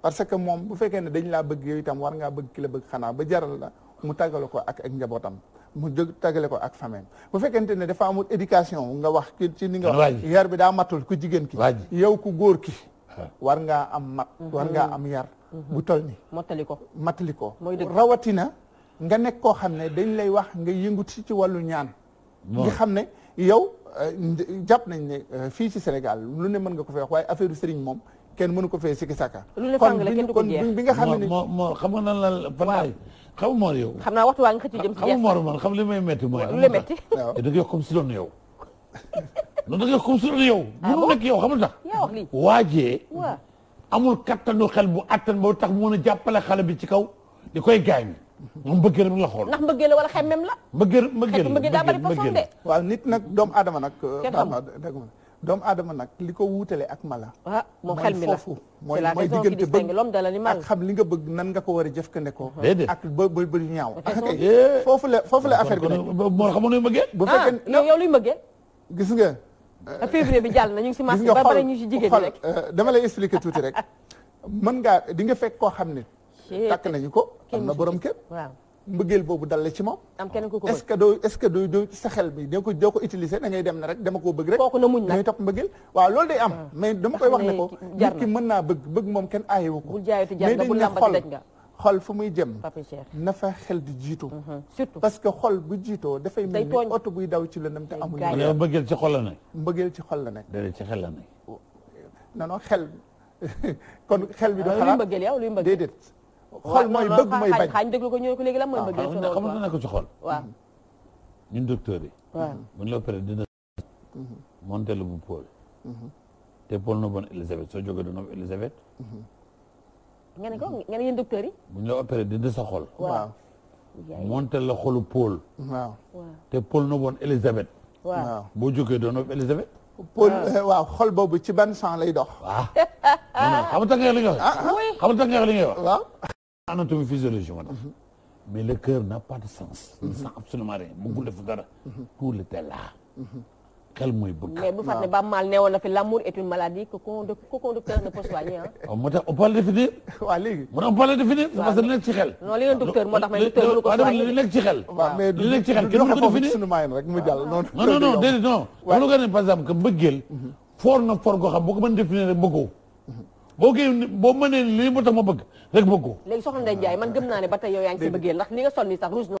parce que moom bu fekkee ne dañ laa bëgg yow itam war ngaa bëgg ki la bëgg xanaa ba jaral la mu tàggale ko ak ak njabootam mu jóg tagale ko ak famem bu fekkente ne dafa amul éducation nga wax ki ci ni nga wax yar bi daa matul ku jigéen ki yow ku góor ki ah. war ngaa am mat mhm. war ngaa am yar mhm. bu tol ni mottali ko mattali ko rawatina nga nekk koo xam ne dañ lay wax nga yënguti ci wàllu ñaan nga xam ne yow euh, jàpp nañ ne euh, fii ci Sénégal lu ne mën nga ko fee wax waaye affaire sëriñ moom kenn mënu ko fee sikki kon bi nga xam ne moo xam nga yow. xam naa waxtu waa nga xëcc jëm si. xam nga man xam li may métti mooy. lu lay métti [laughs] waaw da nga yokk comme si doon yow. non [laughs] da nga yokk comme si doon yow. ah bon nekk yow xam nga tax. waajee. amul kattanu xel bu attan boo tax mu mën a jàppale xale bi ci kaw di koy gaañ. moom mbëggeel la xool. ndax mbëggeel wala xemmem la. mbëggeel mbëggeel xeetu mbëggeel daa bari façon de. waaw nit nag doomu aadama nag. doomu aadama nag li ko wuutale ak mala ah moom xel mi la foofu mooy mooy diggante bëgg ak xam li nga bëgg nan nga ko war a jëfandikoo mhm. ak ba ba ba ñaaw foofu la foofu la affaire bi nag moo xamoon luy mbëggee bu fekkee ah, yow luy mbëggee gis nga ah, février bi jàll na ñu ngi si marché ba pare ñu si jigéen rek euh, dama lay expliquer tuuti rek [laughs] mën ngaa di nga fekk koo xam ne takk nañu ko am na boroom kër mbëggeel boobu dal la ci moom. am kenn ko bëgg que doo est-ce que sa xel bi doo ko doo ko dem na rek dama koo bëgg rek. kooku na muñ nag ngay mbëggeel waaw loolu day am. Ah. mais dama koy wax ne ko nit ki naa bëgg bëgg moom kenn aayewu ko. bul jaayati jar nga bul lambati daj nga xol fu muy jëm na xel di jiitu mm-hmm. surtout parce que xol bu jiitoo dafay mel ni oto buy daw ci lëndëm te amul mbëggeel ci xol la nekk mbëggeel ci xol la nekk déedéet xel la nekk non non xel [laughs] kon xel bi du ah, xalaat déedéet xol mooy bëgg mooy bañ xaañ déglu ko ñu ko léegi lan mooy ah, bëgg xam nga nekk ci xol waaw ñun docteur yi waaw bu ñu la opéré dina mhm. monté la bu pôle te pôle no bon Elisabeth soo jógee du no Elisabeth mhm. nga ne ko nga ne yéen docteur yi bu ñu la opéré dina sa xol waaw monté la xolu pôle waaw te pôle no bon Elisabeth waaw boo jógee doo no Elisabeth pôle eh, waaw xol boobu ci ban sang lay dox waaw ah. xamata nga li nga wax ah, xamata nga li nga wax waaw anatomie physiologie ma mhm. mais le cœur n'a pas de sens. il ne sent absolument rien mhm. bëggul def dara. Mhm. tout était là. xel mooy bëgg. mais bu fàtte ba mal newoon na fi l'amour est une maladie que qu'aucun docteur ne peut soigner ah. moo tax on parle de finir. [laughs] waaw léegi moo tax on parle de finir. parce que li nekk ci xel. non li leen docteur moo tax ma docteur mënu ko soigner li nekk ci xel. waaw mais li nekk ci xel kenn mënu ko finir rek mu jàll. non non non déedéet non. waaw xam nga ne par exemple que mbëggeel. for na for goo xam boo ko mën définir rek bëggoo. boo koy boo mënee lii moo tax ma bëgg. rek bëggu léegi soxna Ndeye Ndiaye man gëm naa ne ba tey yow yaa ngi si bëggee ndax li nga sol